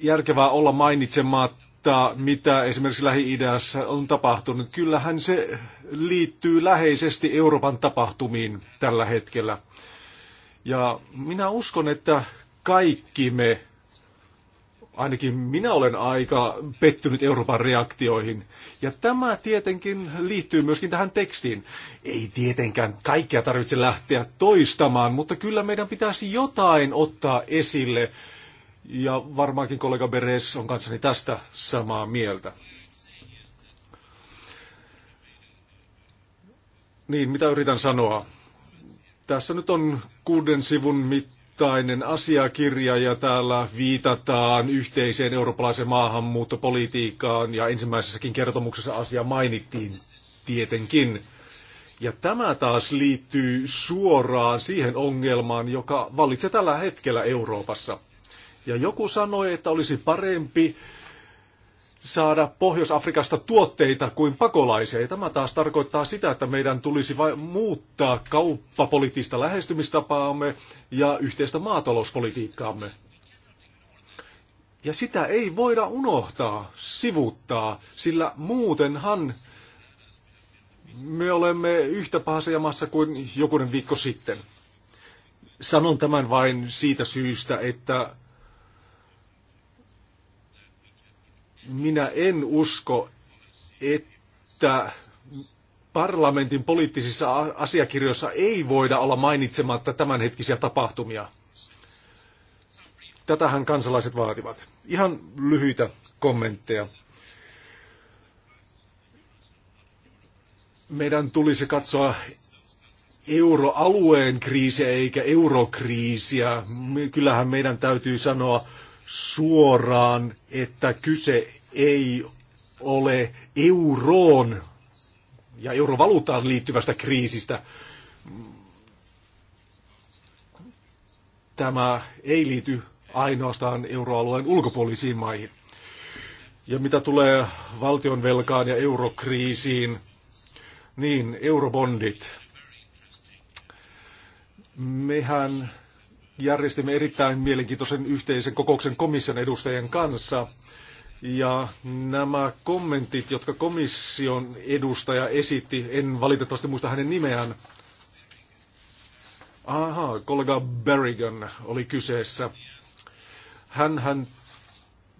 järkevää olla mainitsematta, mitä esimerkiksi Lähi-idässä on tapahtunut. Kyllähän se liittyy läheisesti Euroopan tapahtumiin tällä hetkellä. Ja minä uskon, että kaikki me, ainakin minä olen aika pettynyt Euroopan reaktioihin. Ja tämä tietenkin liittyy myöskin tähän tekstiin. Ei tietenkään kaikkea tarvitse lähteä toistamaan, mutta kyllä meidän pitäisi jotain ottaa esille ja varmaankin kollega Beres on kanssani tästä samaa mieltä. Niin, mitä yritän sanoa? Tässä nyt on kuuden sivun mittainen asiakirja ja täällä viitataan yhteiseen eurooppalaiseen maahanmuuttopolitiikkaan ja ensimmäisessäkin kertomuksessa asia mainittiin tietenkin. Ja tämä taas liittyy suoraan siihen ongelmaan, joka vallitsee tällä hetkellä Euroopassa. Ja joku sanoi, että olisi parempi saada Pohjois-Afrikasta tuotteita kuin pakolaisia. Ja tämä taas tarkoittaa sitä, että meidän tulisi vai muuttaa kauppapoliittista lähestymistapaamme ja yhteistä maatalouspolitiikkaamme. Ja sitä ei voida unohtaa, sivuttaa, sillä muutenhan me olemme yhtä pahassa jamassa kuin jokunen viikko sitten. Sanon tämän vain siitä syystä, että minä en usko, että parlamentin poliittisissa asiakirjoissa ei voida olla mainitsematta tämänhetkisiä tapahtumia. Tätähän kansalaiset vaativat. Ihan lyhyitä kommentteja. Meidän tulisi katsoa euroalueen kriisiä eikä eurokriisiä. Kyllähän meidän täytyy sanoa suoraan, että kyse ei ole euroon ja eurovaluutaan liittyvästä kriisistä. Tämä ei liity ainoastaan euroalueen ulkopuolisiin maihin. Ja mitä tulee valtionvelkaan ja eurokriisiin, niin eurobondit. Mehän järjestimme erittäin mielenkiintoisen yhteisen kokouksen komission edustajien kanssa. Ja nämä kommentit, jotka komission edustaja esitti, en valitettavasti muista hänen nimeään. Aha, kollega Berrigan oli kyseessä. Hän, hän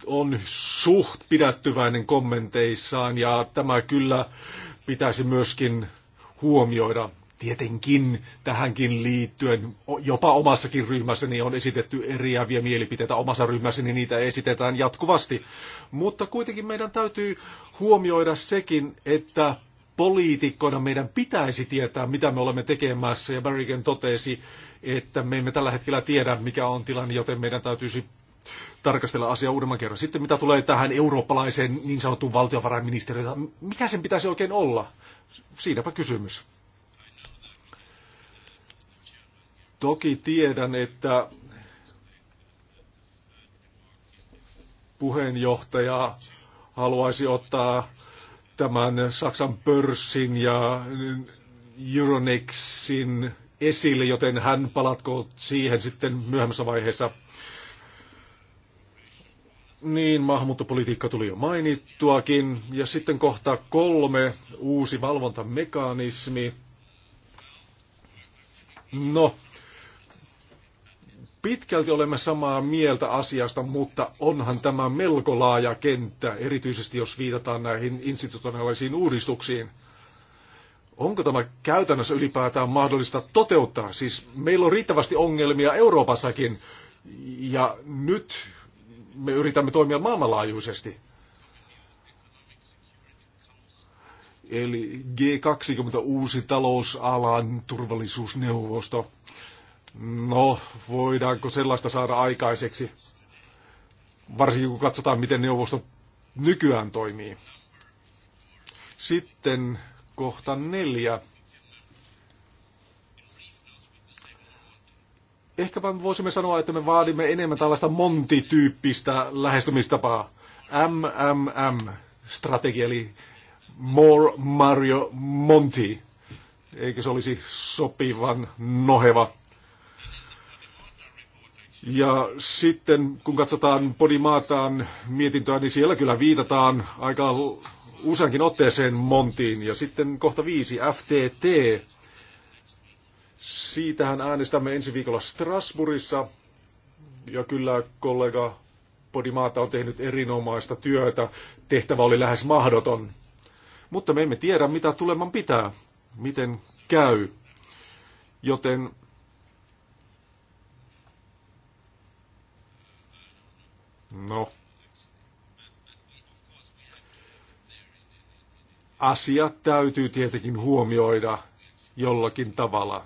on suht pidättyväinen kommenteissaan ja tämä kyllä pitäisi myöskin huomioida. Tietenkin tähänkin liittyen, jopa omassakin ryhmässäni on esitetty eriäviä mielipiteitä, omassa ryhmässäni niitä esitetään jatkuvasti. Mutta kuitenkin meidän täytyy huomioida sekin, että poliitikkoina meidän pitäisi tietää, mitä me olemme tekemässä. Ja Barrigan totesi, että me emme tällä hetkellä tiedä, mikä on tilanne, joten meidän täytyisi tarkastella asiaa uudemman kerran. Sitten mitä tulee tähän eurooppalaiseen niin sanottuun valtiovarainministeriöön, mikä sen pitäisi oikein olla? Siinäpä kysymys. Toki tiedän, että puheenjohtaja haluaisi ottaa tämän Saksan pörssin ja Euronexin esille, joten hän palatko siihen sitten myöhemmässä vaiheessa. Niin, maahanmuuttopolitiikka tuli jo mainittuakin. Ja sitten kohta kolme, uusi valvontamekanismi. No, Pitkälti olemme samaa mieltä asiasta, mutta onhan tämä melko laaja kenttä, erityisesti jos viitataan näihin institutionaalisiin uudistuksiin. Onko tämä käytännössä ylipäätään mahdollista toteuttaa? Siis meillä on riittävästi ongelmia Euroopassakin, ja nyt me yritämme toimia maailmanlaajuisesti. Eli G20 uusi talousalan turvallisuusneuvosto. No, voidaanko sellaista saada aikaiseksi? Varsinkin kun katsotaan, miten neuvosto nykyään toimii. Sitten kohta neljä. Ehkäpä voisimme sanoa, että me vaadimme enemmän tällaista montityyppistä lähestymistapaa. MMM-strategia, eli More Mario Monty. Eikö se olisi sopivan noheva ja sitten kun katsotaan Podimaataan mietintöä, niin siellä kyllä viitataan aika useankin otteeseen Montiin. Ja sitten kohta viisi, FTT. Siitähän äänestämme ensi viikolla Strasbourgissa. Ja kyllä kollega Podimaata on tehnyt erinomaista työtä. Tehtävä oli lähes mahdoton. Mutta me emme tiedä, mitä tuleman pitää, miten käy. Joten No, asiat täytyy tietenkin huomioida jollakin tavalla.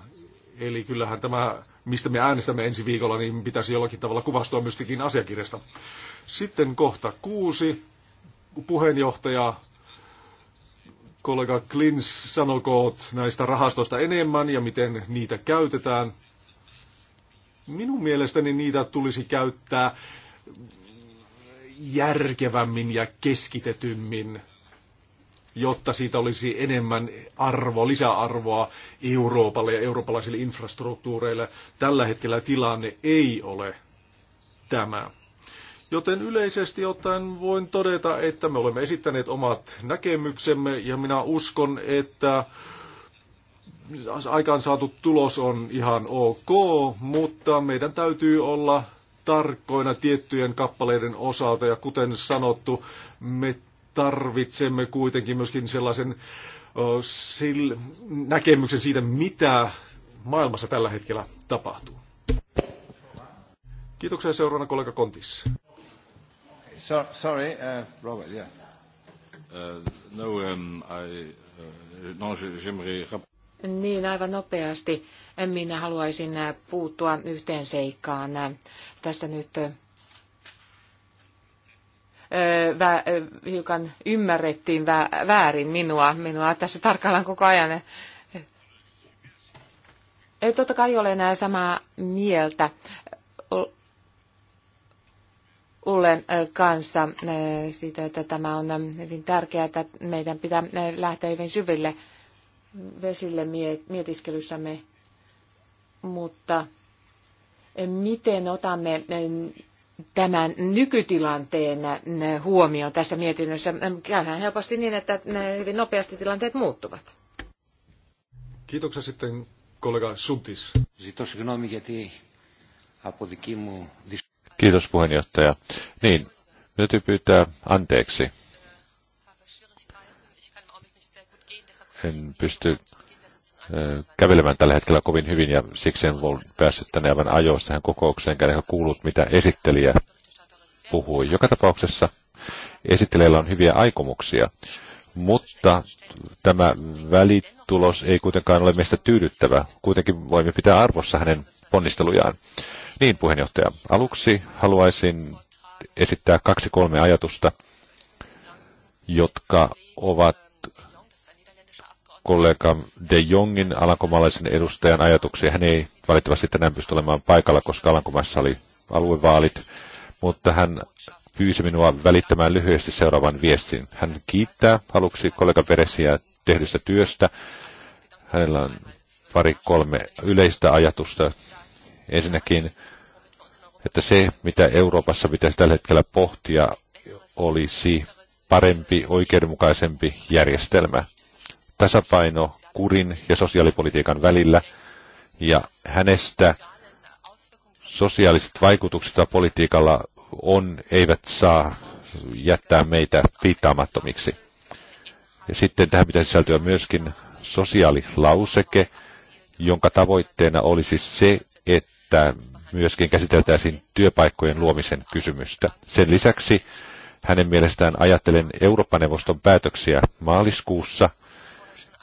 Eli kyllähän tämä, mistä me äänestämme ensi viikolla, niin pitäisi jollakin tavalla kuvastua myöskin asiakirjasta. Sitten kohta kuusi. Puheenjohtaja kollega Klins sanokoot näistä rahastoista enemmän ja miten niitä käytetään. Minun mielestäni niitä tulisi käyttää järkevämmin ja keskitetymmin, jotta siitä olisi enemmän arvo, lisäarvoa Euroopalle ja eurooppalaisille infrastruktuureille. Tällä hetkellä tilanne ei ole tämä. Joten yleisesti ottaen voin todeta, että me olemme esittäneet omat näkemyksemme ja minä uskon, että aikaan saatu tulos on ihan ok, mutta meidän täytyy olla tarkkoina tiettyjen kappaleiden osalta ja kuten sanottu, me tarvitsemme kuitenkin myöskin sellaisen sil- näkemyksen siitä, mitä maailmassa tällä hetkellä tapahtuu. Kiitoksia seuraavana kollega Kontis. So, sorry, uh, Robert, yeah. Uh, no, um, I, uh, non, j'aimerais niin, aivan nopeasti. Minä haluaisin puuttua yhteen seikkaan. Tässä nyt hiukan ymmärrettiin väärin minua. Minua tässä tarkallaan koko ajan. Ei totta kai ole enää samaa mieltä Ullen kanssa siitä, että tämä on hyvin tärkeää, että meidän pitää lähteä hyvin syville vesille mietiskelyssämme, mutta miten otamme tämän nykytilanteen huomioon tässä mietinnössä? Käyhän helposti niin, että hyvin nopeasti tilanteet muuttuvat. Kiitoksia sitten kollega Suntis. Kiitos puheenjohtaja. Niin, täytyy pyytää anteeksi en pysty kävelemään tällä hetkellä kovin hyvin ja siksi en voi päässyt tänne aivan ajoissa tähän kokoukseen, enkä kuullut, mitä esittelijä puhui. Joka tapauksessa esittelijällä on hyviä aikomuksia, mutta tämä välitulos ei kuitenkaan ole meistä tyydyttävä. Kuitenkin voimme pitää arvossa hänen ponnistelujaan. Niin, puheenjohtaja. Aluksi haluaisin esittää kaksi kolme ajatusta, jotka ovat kollega De Jongin alankomaalaisen edustajan ajatuksia. Hän ei valitettavasti tänään pysty olemaan paikalla, koska Alankomaissa oli aluevaalit, mutta hän pyysi minua välittämään lyhyesti seuraavan viestin. Hän kiittää aluksi kollega Peresiä tehdystä työstä. Hänellä on pari kolme yleistä ajatusta. Ensinnäkin, että se, mitä Euroopassa pitäisi tällä hetkellä pohtia, olisi parempi, oikeudenmukaisempi järjestelmä tasapaino kurin ja sosiaalipolitiikan välillä, ja hänestä sosiaaliset vaikutukset politiikalla on, eivät saa jättää meitä piittaamattomiksi. Ja sitten tähän pitäisi sisältyä myöskin sosiaalilauseke, jonka tavoitteena olisi se, että myöskin käsiteltäisiin työpaikkojen luomisen kysymystä. Sen lisäksi hänen mielestään ajattelen Eurooppa-neuvoston päätöksiä maaliskuussa –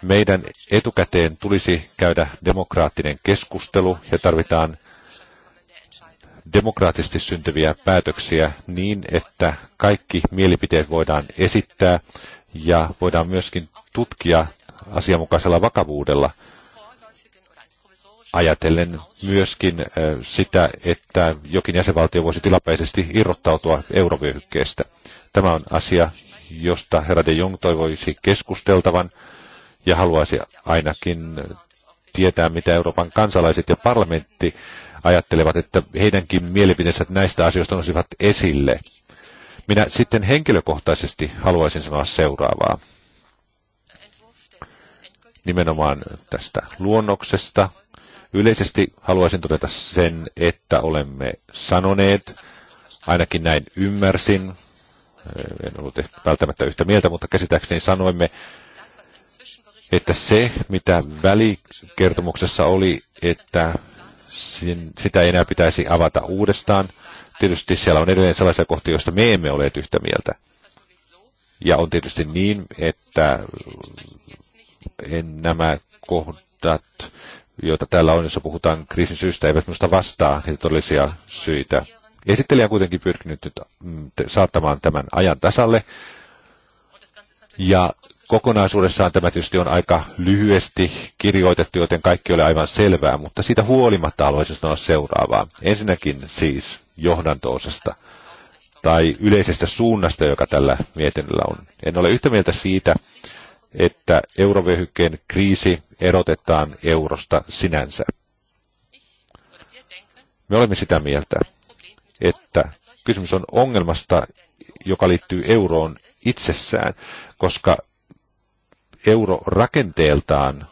meidän etukäteen tulisi käydä demokraattinen keskustelu ja tarvitaan demokraattisesti syntyviä päätöksiä niin, että kaikki mielipiteet voidaan esittää ja voidaan myöskin tutkia asianmukaisella vakavuudella ajatellen myöskin sitä, että jokin jäsenvaltio voisi tilapäisesti irrottautua eurovyöhykkeestä. Tämä on asia, josta herra de Jong toivoisi keskusteltavan ja haluaisi ainakin tietää, mitä Euroopan kansalaiset ja parlamentti ajattelevat, että heidänkin mielipiteensä näistä asioista nousivat esille. Minä sitten henkilökohtaisesti haluaisin sanoa seuraavaa. Nimenomaan tästä luonnoksesta. Yleisesti haluaisin todeta sen, että olemme sanoneet, ainakin näin ymmärsin, en ollut välttämättä yhtä mieltä, mutta käsittääkseni sanoimme, että se, mitä välikertomuksessa oli, että sitä ei enää pitäisi avata uudestaan. Tietysti siellä on edelleen sellaisia kohtia, joista me emme ole yhtä mieltä. Ja on tietysti niin, että en nämä kohdat, joita täällä on, jossa puhutaan kriisin syystä, eivät minusta vastaa niitä todellisia syitä. Esittelijä on kuitenkin pyrkinyt nyt mm, saattamaan tämän ajan tasalle, ja kokonaisuudessaan tämä tietysti on aika lyhyesti kirjoitettu, joten kaikki oli aivan selvää, mutta siitä huolimatta haluaisin sanoa seuraavaa. Ensinnäkin siis johdantoosasta tai yleisestä suunnasta, joka tällä mietinnöllä on. En ole yhtä mieltä siitä, että eurovyöhykkeen kriisi erotetaan eurosta sinänsä. Me olemme sitä mieltä, että kysymys on ongelmasta, joka liittyy euroon itsessään, koska euro rakenteeltaan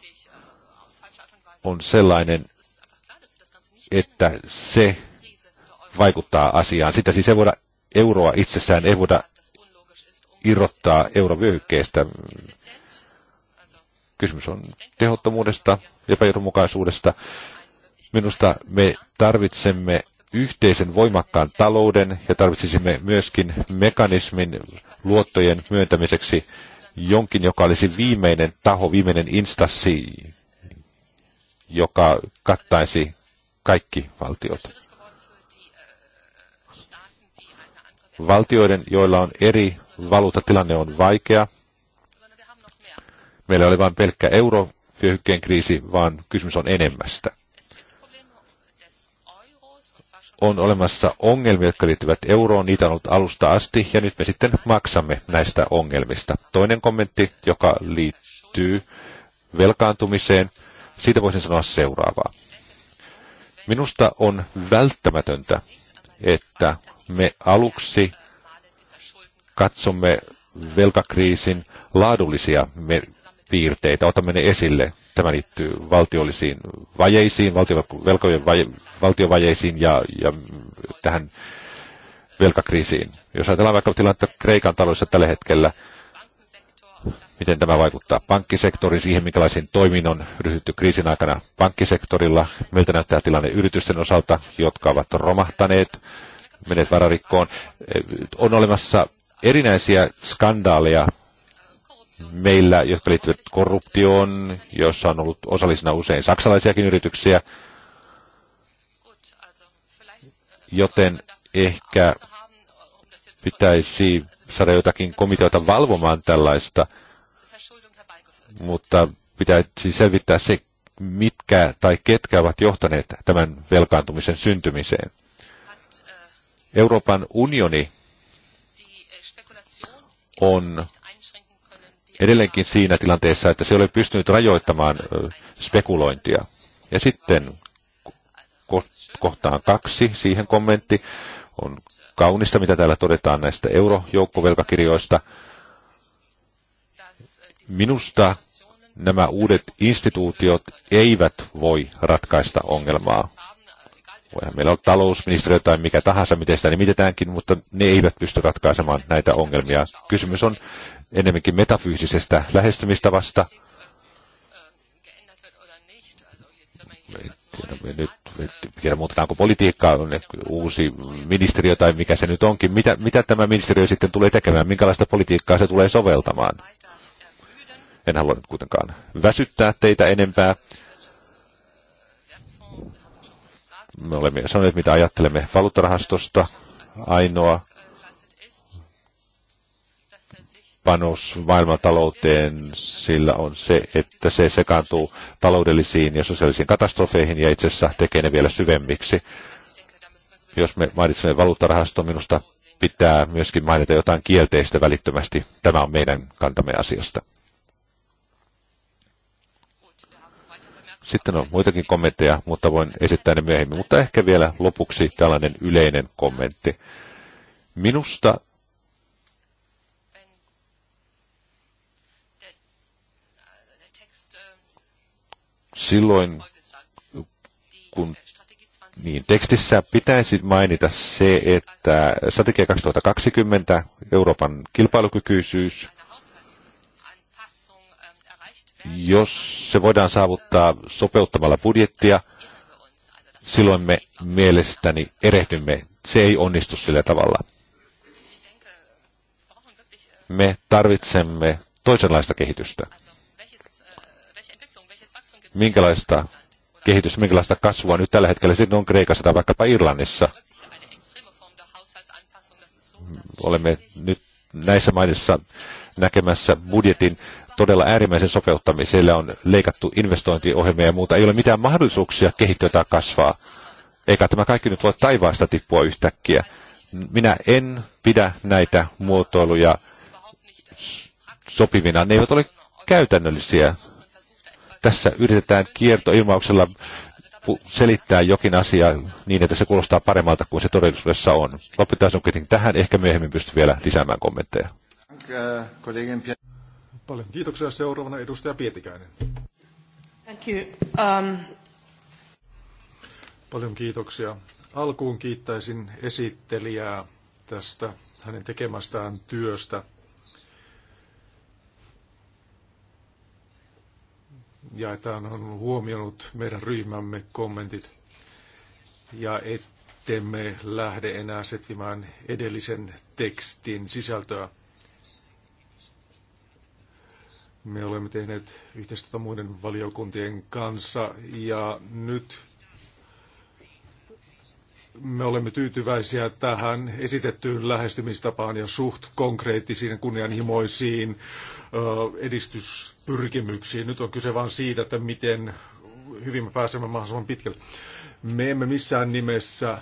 on sellainen, että se vaikuttaa asiaan. Sitä siis ei voida euroa itsessään, ei voida irrottaa eurovyöhykkeestä. Kysymys on tehottomuudesta, epäjohdonmukaisuudesta. Minusta me tarvitsemme yhteisen voimakkaan talouden ja tarvitsisimme myöskin mekanismin luottojen myöntämiseksi jonkin, joka olisi viimeinen taho, viimeinen instanssi, joka kattaisi kaikki valtiot. Valtioiden, joilla on eri valuutatilanne, on vaikea. Meillä ole vain pelkkä eurovyöhykkeen kriisi, vaan kysymys on enemmästä on olemassa ongelmia, jotka liittyvät euroon. Niitä on ollut alusta asti ja nyt me sitten maksamme näistä ongelmista. Toinen kommentti, joka liittyy velkaantumiseen, siitä voisin sanoa seuraavaa. Minusta on välttämätöntä, että me aluksi katsomme velkakriisin laadullisia piirteitä. Otamme ne esille. Tämä liittyy valtiollisiin vajeisiin, valtiovelkojen vaje, valtiovajeisiin ja, ja tähän velkakriisiin. Jos ajatellaan vaikka tilannetta Kreikan taloudessa tällä hetkellä, miten tämä vaikuttaa pankkisektoriin, siihen minkälaisiin toimiin on ryhdytty kriisin aikana pankkisektorilla, miltä näyttää tilanne yritysten osalta, jotka ovat romahtaneet, menet vararikkoon. On olemassa erinäisiä skandaaleja, meillä, jotka liittyvät korruptioon, jossa on ollut osallisena usein saksalaisiakin yrityksiä. Joten ehkä pitäisi saada jotakin komiteoita valvomaan tällaista, mutta pitäisi selvittää se, mitkä tai ketkä ovat johtaneet tämän velkaantumisen syntymiseen. Euroopan unioni on edelleenkin siinä tilanteessa, että se oli pystynyt rajoittamaan spekulointia. Ja sitten kohtaan kaksi, siihen kommentti. On kaunista, mitä täällä todetaan näistä eurojoukkovelkakirjoista. Minusta nämä uudet instituutiot eivät voi ratkaista ongelmaa. Voihan meillä on talousministeriö tai mikä tahansa, miten sitä nimitetäänkin, mutta ne eivät pysty ratkaisemaan näitä ongelmia. Kysymys on enemmänkin metafyysisestä lähestymistavasta. Me nyt tiedä, muutetaanko politiikkaa, uusi ministeriö tai mikä se nyt onkin. Mitä, mitä tämä ministeriö sitten tulee tekemään? Minkälaista politiikkaa se tulee soveltamaan? En halua nyt kuitenkaan väsyttää teitä enempää. Me olemme sanoneet, mitä ajattelemme valuuttarahastosta. Ainoa panos maailmantalouteen sillä on se, että se sekaantuu taloudellisiin ja sosiaalisiin katastrofeihin ja itse asiassa tekee ne vielä syvemmiksi. Jos me mainitsemme valuuttarahasto, minusta pitää myöskin mainita jotain kielteistä välittömästi. Tämä on meidän kantamme asiasta. Sitten on muitakin kommentteja, mutta voin esittää ne myöhemmin. Mutta ehkä vielä lopuksi tällainen yleinen kommentti. Minusta silloin, kun niin, tekstissä pitäisi mainita se, että strategia 2020, Euroopan kilpailukykyisyys, jos se voidaan saavuttaa sopeuttamalla budjettia, silloin me mielestäni erehdymme. Se ei onnistu sillä tavalla. Me tarvitsemme toisenlaista kehitystä minkälaista kehitystä, minkälaista kasvua nyt tällä hetkellä sitten on Kreikassa tai vaikkapa Irlannissa. Olemme nyt näissä maissa näkemässä budjetin todella äärimmäisen sopeuttamisen. Siellä on leikattu investointiohjelmia ja muuta. Ei ole mitään mahdollisuuksia kehittyä tai kasvaa. Eikä tämä kaikki nyt voi taivaasta tippua yhtäkkiä. Minä en pidä näitä muotoiluja sopivina. Ne eivät ole käytännöllisiä. Tässä yritetään kiertoilmauksella selittää jokin asia niin, että se kuulostaa paremmalta kuin se todellisuudessa on. Lopetetaan on kuitenkin tähän. Ehkä myöhemmin pystyy vielä lisäämään kommentteja. Paljon kiitoksia. Seuraavana edustaja Pietikäinen. Thank you. Um... Paljon kiitoksia. Alkuun kiittäisin esittelijää tästä hänen tekemästään työstä. ja että on huomioinut meidän ryhmämme kommentit ja ettemme lähde enää setvimään edellisen tekstin sisältöä. Me olemme tehneet yhteistyötä muiden valiokuntien kanssa ja nyt me olemme tyytyväisiä tähän esitettyyn lähestymistapaan ja suht konkreettisiin ja kunnianhimoisiin edistyspyrkimyksiin. Nyt on kyse vain siitä, että miten hyvin me pääsemme mahdollisimman pitkälle. Me emme missään nimessä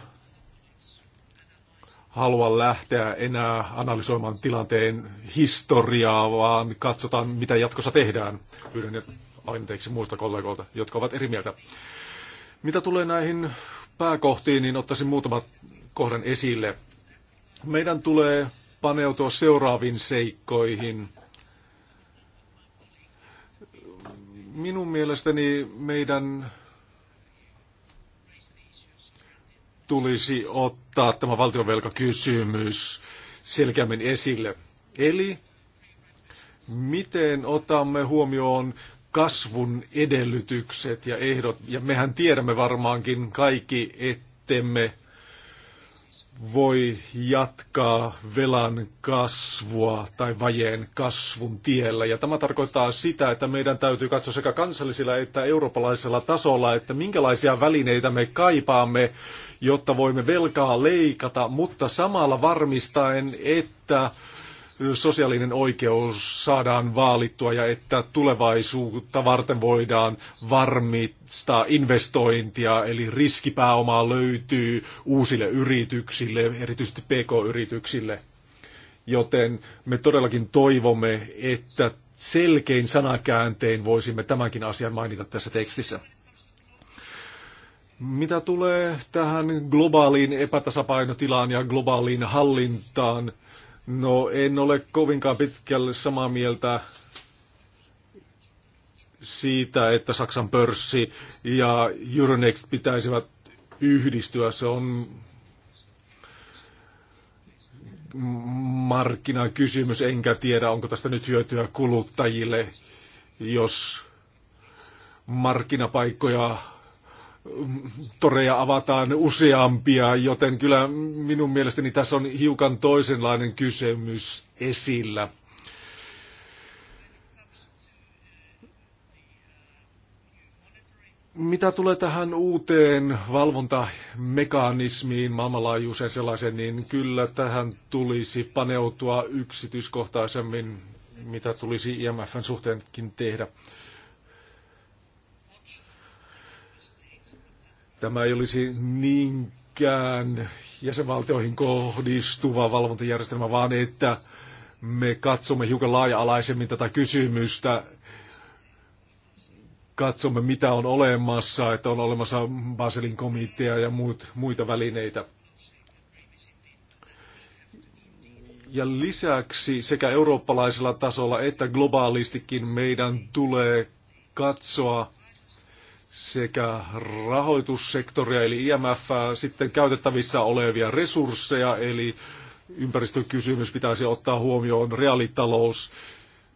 halua lähteä enää analysoimaan tilanteen historiaa, vaan katsotaan, mitä jatkossa tehdään. Pyydän anteeksi muilta kollegoilta, jotka ovat eri mieltä. Mitä tulee näihin pääkohtiin, niin ottaisin muutamat kohdan esille. Meidän tulee paneutua seuraaviin seikkoihin. Minun mielestäni meidän tulisi ottaa tämä valtionvelkakysymys selkeämmin esille. Eli miten otamme huomioon kasvun edellytykset ja ehdot. Ja mehän tiedämme varmaankin kaikki, ettemme voi jatkaa velan kasvua tai vajeen kasvun tiellä. Ja tämä tarkoittaa sitä, että meidän täytyy katsoa sekä kansallisella että eurooppalaisella tasolla, että minkälaisia välineitä me kaipaamme, jotta voimme velkaa leikata, mutta samalla varmistaen, että sosiaalinen oikeus saadaan vaalittua ja että tulevaisuutta varten voidaan varmistaa investointia, eli riskipääomaa löytyy uusille yrityksille, erityisesti pk-yrityksille. Joten me todellakin toivomme, että selkein sanakääntein voisimme tämänkin asian mainita tässä tekstissä. Mitä tulee tähän globaaliin epätasapainotilaan ja globaaliin hallintaan, No en ole kovinkaan pitkälle samaa mieltä siitä, että Saksan pörssi ja Euronext pitäisivät yhdistyä. Se on markkinakysymys, enkä tiedä, onko tästä nyt hyötyä kuluttajille, jos markkinapaikkoja toreja avataan useampia, joten kyllä minun mielestäni tässä on hiukan toisenlainen kysymys esillä. Mitä tulee tähän uuteen valvontamekanismiin, maailmanlaajuiseen sellaisen, niin kyllä tähän tulisi paneutua yksityiskohtaisemmin, mitä tulisi IMFn suhteenkin tehdä. Tämä ei olisi niinkään jäsenvaltioihin kohdistuva valvontajärjestelmä, vaan että me katsomme hiukan laaja-alaisemmin tätä kysymystä, katsomme mitä on olemassa, että on olemassa Baselin komitea ja muut, muita välineitä. Ja lisäksi sekä eurooppalaisella tasolla että globaalistikin meidän tulee katsoa sekä rahoitussektoria eli IMF, sitten käytettävissä olevia resursseja eli ympäristökysymys pitäisi ottaa huomioon, reaalitalous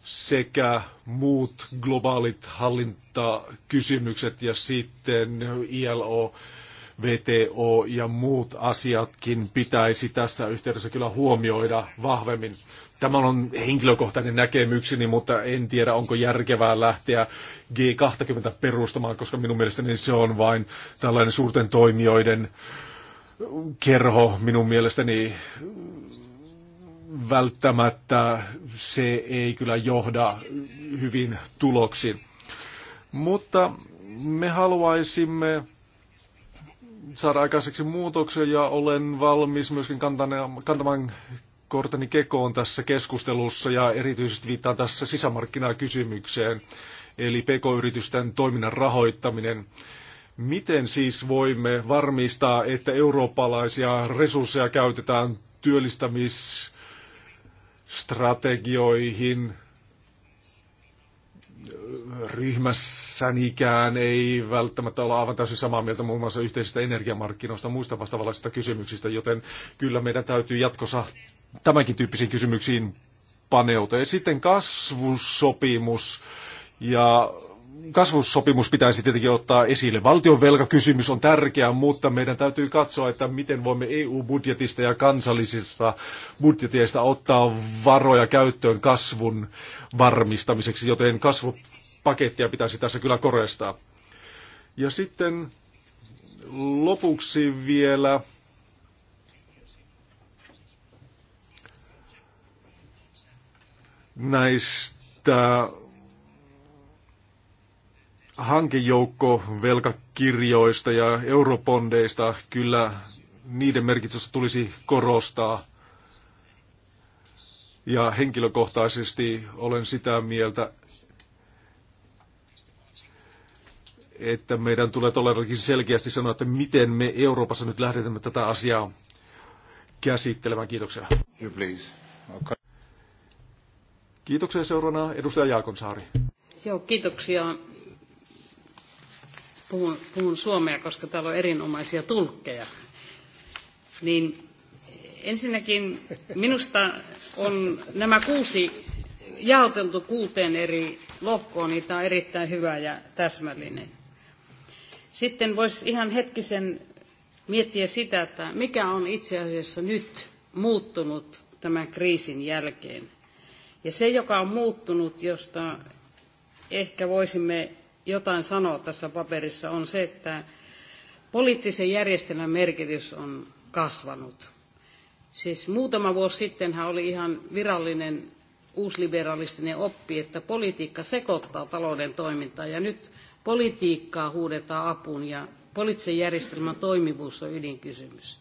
sekä muut globaalit hallintakysymykset ja sitten ILO, VTO ja muut asiatkin pitäisi tässä yhteydessä kyllä huomioida vahvemmin. Tämä on henkilökohtainen näkemykseni, mutta en tiedä, onko järkevää lähteä G20 perustamaan, koska minun mielestäni se on vain tällainen suurten toimijoiden kerho. Minun mielestäni välttämättä se ei kyllä johda hyvin tuloksiin. Mutta me haluaisimme saada aikaiseksi muutoksen ja olen valmis myöskin kantamaan kortani kekoon tässä keskustelussa ja erityisesti viittaan tässä sisämarkkinakysymykseen, eli pk-yritysten toiminnan rahoittaminen. Miten siis voimme varmistaa, että eurooppalaisia resursseja käytetään työllistämisstrategioihin – ryhmässänikään ei välttämättä olla aivan täysin samaa mieltä muun muassa yhteisistä energiamarkkinoista ja muista vastaavallisista kysymyksistä, joten kyllä meidän täytyy jatkossa tämänkin tyyppisiin kysymyksiin paneutua. Ja sitten kasvusopimus ja kasvussopimus pitäisi tietenkin ottaa esille. Valtion velkakysymys on tärkeä, mutta meidän täytyy katsoa, että miten voimme EU-budjetista ja kansallisista budjeteista ottaa varoja käyttöön kasvun varmistamiseksi, joten kasvu pakettia pitäisi tässä kyllä korostaa. Ja sitten lopuksi vielä näistä hankejoukkovelkakirjoista ja eurobondeista kyllä niiden merkitys tulisi korostaa. Ja henkilökohtaisesti olen sitä mieltä, että meidän tulee todellakin selkeästi sanoa, että miten me Euroopassa nyt lähdetään tätä asiaa käsittelemään. Kiitoksia. You please. Okay. Kiitoksia seurana edustaja Jaakonsaari. Joo, kiitoksia. Puhun, puhun suomea, koska täällä on erinomaisia tulkkeja. Niin ensinnäkin minusta on nämä kuusi jaoteltu kuuteen eri lohkoon, niin tämä on erittäin hyvä ja täsmällinen. Sitten voisi ihan hetkisen miettiä sitä, että mikä on itse asiassa nyt muuttunut tämän kriisin jälkeen. Ja se, joka on muuttunut, josta ehkä voisimme jotain sanoa tässä paperissa, on se, että poliittisen järjestelmän merkitys on kasvanut. Siis muutama vuosi sittenhän oli ihan virallinen uusliberalistinen oppi, että politiikka sekoittaa talouden toimintaa, ja nyt politiikkaa huudetaan apuun ja poliittisen järjestelmän toimivuus on ydinkysymys.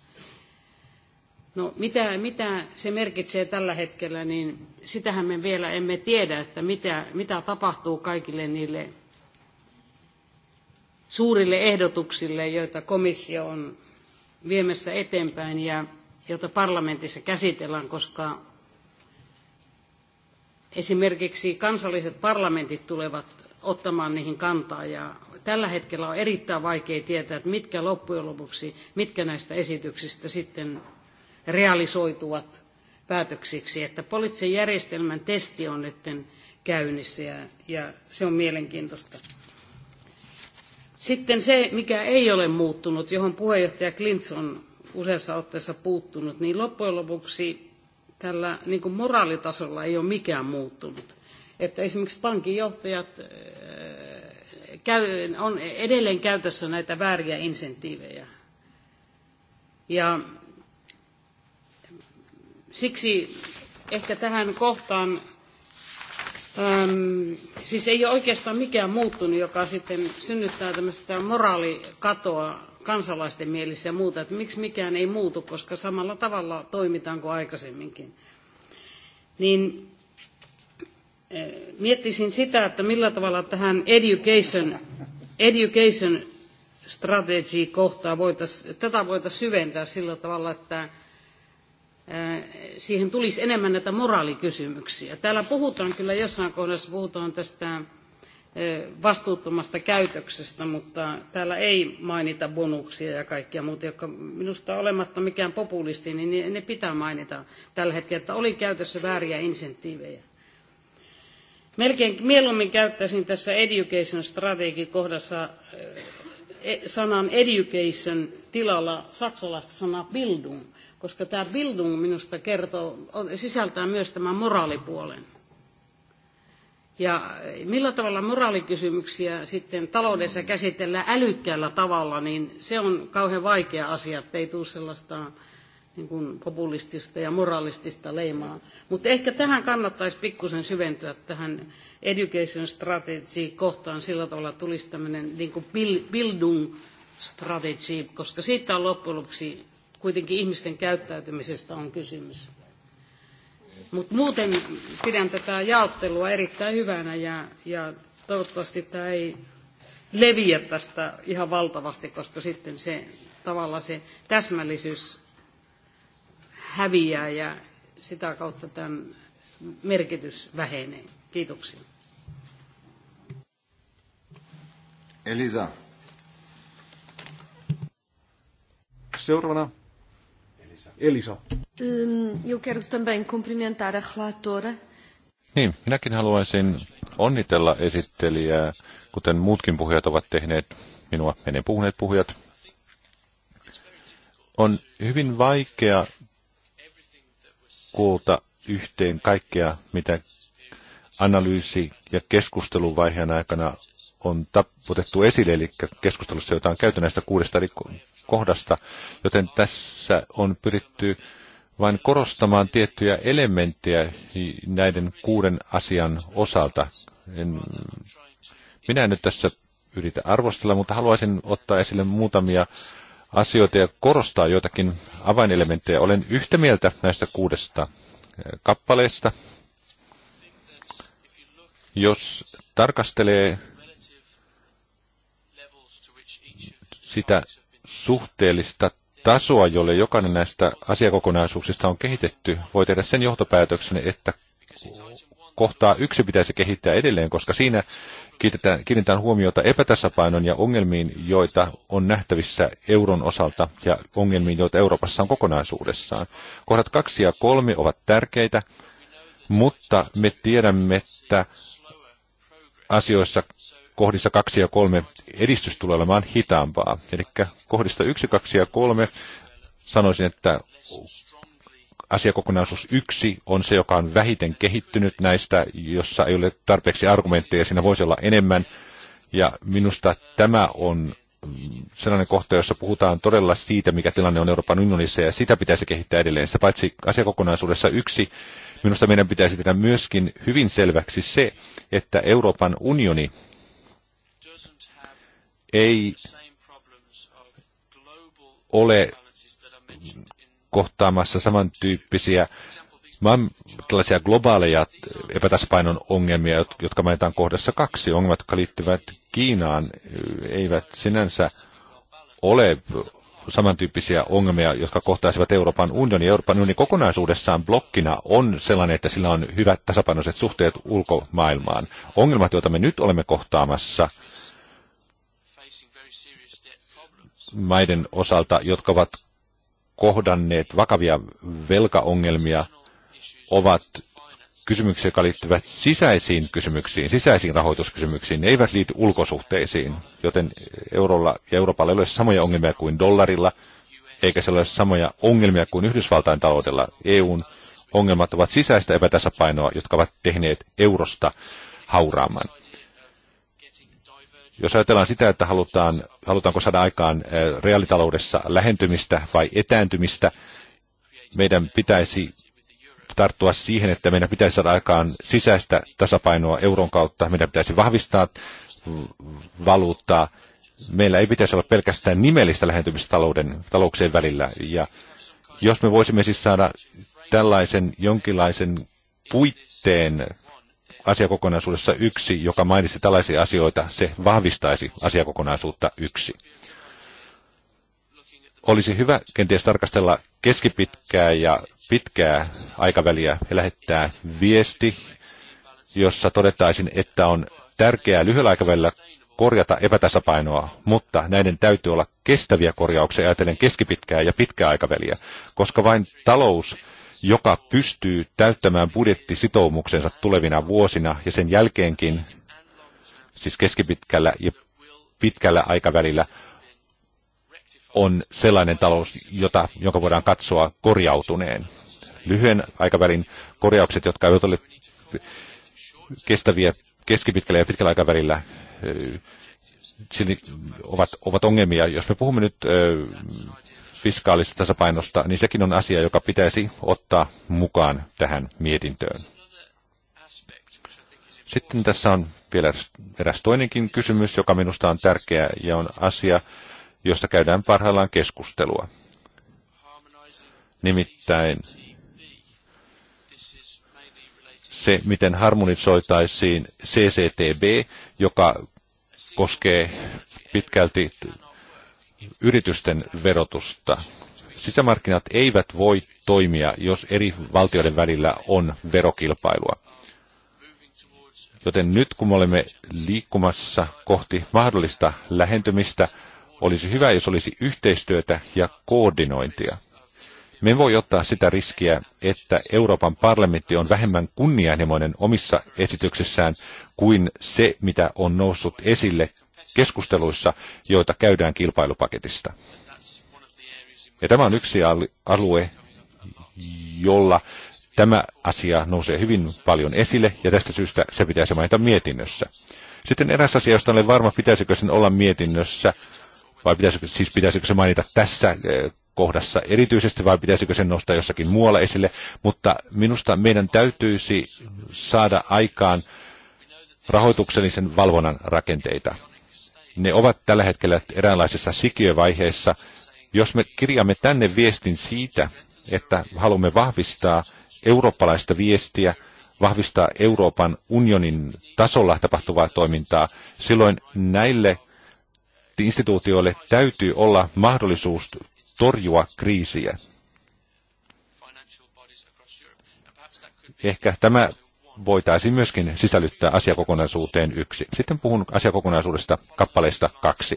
No mitä, mitä se merkitsee tällä hetkellä, niin sitähän me vielä emme tiedä, että mitä, mitä tapahtuu kaikille niille suurille ehdotuksille, joita komissio on viemässä eteenpäin ja joita parlamentissa käsitellään, koska esimerkiksi kansalliset parlamentit tulevat ottamaan niihin kantaa. Ja tällä hetkellä on erittäin vaikea tietää, että mitkä loppujen lopuksi, mitkä näistä esityksistä sitten realisoituvat päätöksiksi. Että poliittisen järjestelmän testi on nyt käynnissä ja, ja se on mielenkiintoista. Sitten se, mikä ei ole muuttunut, johon puheenjohtaja Klints on useassa otteessa puuttunut, niin loppujen lopuksi tällä niin kuin moraalitasolla ei ole mikään muuttunut että esimerkiksi pankinjohtajat äh, on edelleen käytössä näitä vääriä insentiivejä. Ja siksi ehkä tähän kohtaan, äm, siis ei ole oikeastaan mikään muuttunut, joka sitten synnyttää tämmöistä moraalikatoa kansalaisten mielissä ja muuta, että miksi mikään ei muutu, koska samalla tavalla toimitaan kuin aikaisemminkin. Niin Eh, miettisin sitä, että millä tavalla tähän education, education strategy kohtaa voitaisiin, tätä voitaisiin syventää sillä tavalla, että eh, siihen tulisi enemmän näitä moraalikysymyksiä. Täällä puhutaan kyllä jossain kohdassa, puhutaan tästä eh, vastuuttomasta käytöksestä, mutta täällä ei mainita bonuksia ja kaikkia muuta, jotka minusta olematta mikään populisti, niin ne pitää mainita tällä hetkellä, että oli käytössä vääriä insentiivejä. Melkein mieluummin käyttäisin tässä education strategy kohdassa eh, e, sanan education tilalla saksalaista sanaa bildung, koska tämä bildung minusta kertoo, sisältää myös tämän moraalipuolen. Ja millä tavalla moraalikysymyksiä sitten taloudessa käsitellään älykkäällä tavalla, niin se on kauhean vaikea asia, ettei tule sellaista niin kuin populistista ja moralistista leimaa. Mutta ehkä tähän kannattaisi pikkusen syventyä tähän education strategy kohtaan sillä tavalla tulisi tämmöinen niin kuin bildung strategy, koska siitä on loppujen lopuksi kuitenkin ihmisten käyttäytymisestä on kysymys. Mutta muuten pidän tätä jaottelua erittäin hyvänä ja, ja toivottavasti tämä ei leviä tästä ihan valtavasti, koska sitten se tavallaan se täsmällisyys häviää ja sitä kautta tämän merkitys vähenee. Kiitoksia. Elisa. Seuraavana Elisa. Eu Niin, minäkin haluaisin onnitella esittelijää, kuten muutkin puhujat ovat tehneet, minua menen puhuneet puhujat. On hyvin vaikea koota yhteen kaikkea, mitä analyysi- ja keskusteluvaiheen aikana on otettu esille, eli keskustelussa, jota on käyty näistä kuudesta eri kohdasta, joten tässä on pyritty vain korostamaan tiettyjä elementtejä näiden kuuden asian osalta. En, minä en nyt tässä yritä arvostella, mutta haluaisin ottaa esille muutamia asioita ja korostaa joitakin avainelementtejä. Olen yhtä mieltä näistä kuudesta eh, kappaleesta. Jos tarkastelee sitä suhteellista tasoa, jolle jokainen näistä asiakokonaisuuksista on kehitetty, voi tehdä sen johtopäätöksen, että kohtaa yksi pitäisi kehittää edelleen, koska siinä kiinnitetään, kiinnitetään huomiota epätasapainon ja ongelmiin, joita on nähtävissä euron osalta ja ongelmiin, joita Euroopassa on kokonaisuudessaan. Kohdat kaksi ja kolme ovat tärkeitä, mutta me tiedämme, että asioissa kohdissa kaksi ja kolme edistys tulee olemaan hitaampaa. Eli kohdista yksi, kaksi ja kolme sanoisin, että asiakokonaisuus yksi on se, joka on vähiten kehittynyt näistä, jossa ei ole tarpeeksi argumentteja, siinä voisi olla enemmän. Ja minusta tämä on mm, sellainen kohta, jossa puhutaan todella siitä, mikä tilanne on Euroopan unionissa, ja sitä pitäisi kehittää edelleen. Se paitsi asiakokonaisuudessa yksi, minusta meidän pitäisi tehdä myöskin hyvin selväksi se, että Euroopan unioni ei ole kohtaamassa samantyyppisiä maan, tällaisia globaaleja epätasapainon ongelmia, jotka mainitaan kohdassa kaksi. Ongelmat, jotka liittyvät Kiinaan, eivät sinänsä ole samantyyppisiä ongelmia, jotka kohtaisivat Euroopan unionin. Euroopan unioni kokonaisuudessaan blokkina on sellainen, että sillä on hyvät tasapainoiset suhteet ulkomaailmaan. Ongelmat, joita me nyt olemme kohtaamassa maiden osalta, jotka ovat kohdanneet vakavia velkaongelmia, ovat kysymyksiä, jotka liittyvät sisäisiin kysymyksiin, sisäisiin rahoituskysymyksiin, ne eivät liity ulkosuhteisiin, joten eurolla ja Euroopalla ei ole samoja ongelmia kuin dollarilla, eikä se ole samoja ongelmia kuin Yhdysvaltain taloudella. EUn ongelmat ovat sisäistä epätasapainoa, jotka ovat tehneet eurosta hauraamman. Jos ajatellaan sitä, että halutaan, halutaanko saada aikaan eh, reaalitaloudessa lähentymistä vai etääntymistä, meidän pitäisi tarttua siihen, että meidän pitäisi saada aikaan sisäistä tasapainoa euron kautta, meidän pitäisi vahvistaa mm, valuuttaa. Meillä ei pitäisi olla pelkästään nimellistä lähentymistä talouden, talouksien välillä. Ja jos me voisimme siis saada tällaisen jonkinlaisen puitteen asiakokonaisuudessa yksi, joka mainitsi tällaisia asioita, se vahvistaisi asiakokonaisuutta yksi. Olisi hyvä kenties tarkastella keskipitkää ja pitkää aikaväliä ja lähettää viesti, jossa todettaisiin, että on tärkeää lyhyellä aikavälillä korjata epätasapainoa, mutta näiden täytyy olla kestäviä korjauksia ajatellen keskipitkää ja pitkää aikaväliä, koska vain talous joka pystyy täyttämään budjettisitoumuksensa tulevina vuosina ja sen jälkeenkin, siis keskipitkällä ja pitkällä aikavälillä, on sellainen talous, jota, jonka voidaan katsoa korjautuneen. Lyhyen aikavälin korjaukset, jotka eivät ole kestäviä keskipitkällä ja pitkällä aikavälillä, ovat, ovat ongelmia. Jos me puhumme nyt fiskaalista tasapainosta, niin sekin on asia, joka pitäisi ottaa mukaan tähän mietintöön. Sitten tässä on vielä eräs toinenkin kysymys, joka minusta on tärkeä ja on asia, josta käydään parhaillaan keskustelua. Nimittäin se, miten harmonisoitaisiin CCTB, joka koskee pitkälti yritysten verotusta. Sisämarkkinat eivät voi toimia, jos eri valtioiden välillä on verokilpailua. Joten nyt kun me olemme liikkumassa kohti mahdollista lähentymistä, olisi hyvä, jos olisi yhteistyötä ja koordinointia. Me voi ottaa sitä riskiä, että Euroopan parlamentti on vähemmän kunnianhimoinen omissa esityksissään kuin se, mitä on noussut esille keskusteluissa, joita käydään kilpailupaketista. Ja tämä on yksi alue, jolla tämä asia nousee hyvin paljon esille, ja tästä syystä se pitäisi mainita mietinnössä. Sitten eräs asia, josta olen varma, pitäisikö sen olla mietinnössä, vai pitäisikö, siis pitäisikö se mainita tässä eh, kohdassa erityisesti, vai pitäisikö sen nostaa jossakin muualla esille, mutta minusta meidän täytyisi saada aikaan rahoituksellisen valvonnan rakenteita ne ovat tällä hetkellä eräänlaisessa sikiövaiheessa. Jos me kirjaamme tänne viestin siitä, että haluamme vahvistaa eurooppalaista viestiä, vahvistaa Euroopan unionin tasolla tapahtuvaa toimintaa, silloin näille instituutioille täytyy olla mahdollisuus torjua kriisiä. Ehkä tämä voitaisiin myöskin sisällyttää asiakokonaisuuteen yksi. Sitten puhun asiakokonaisuudesta kappaleesta kaksi.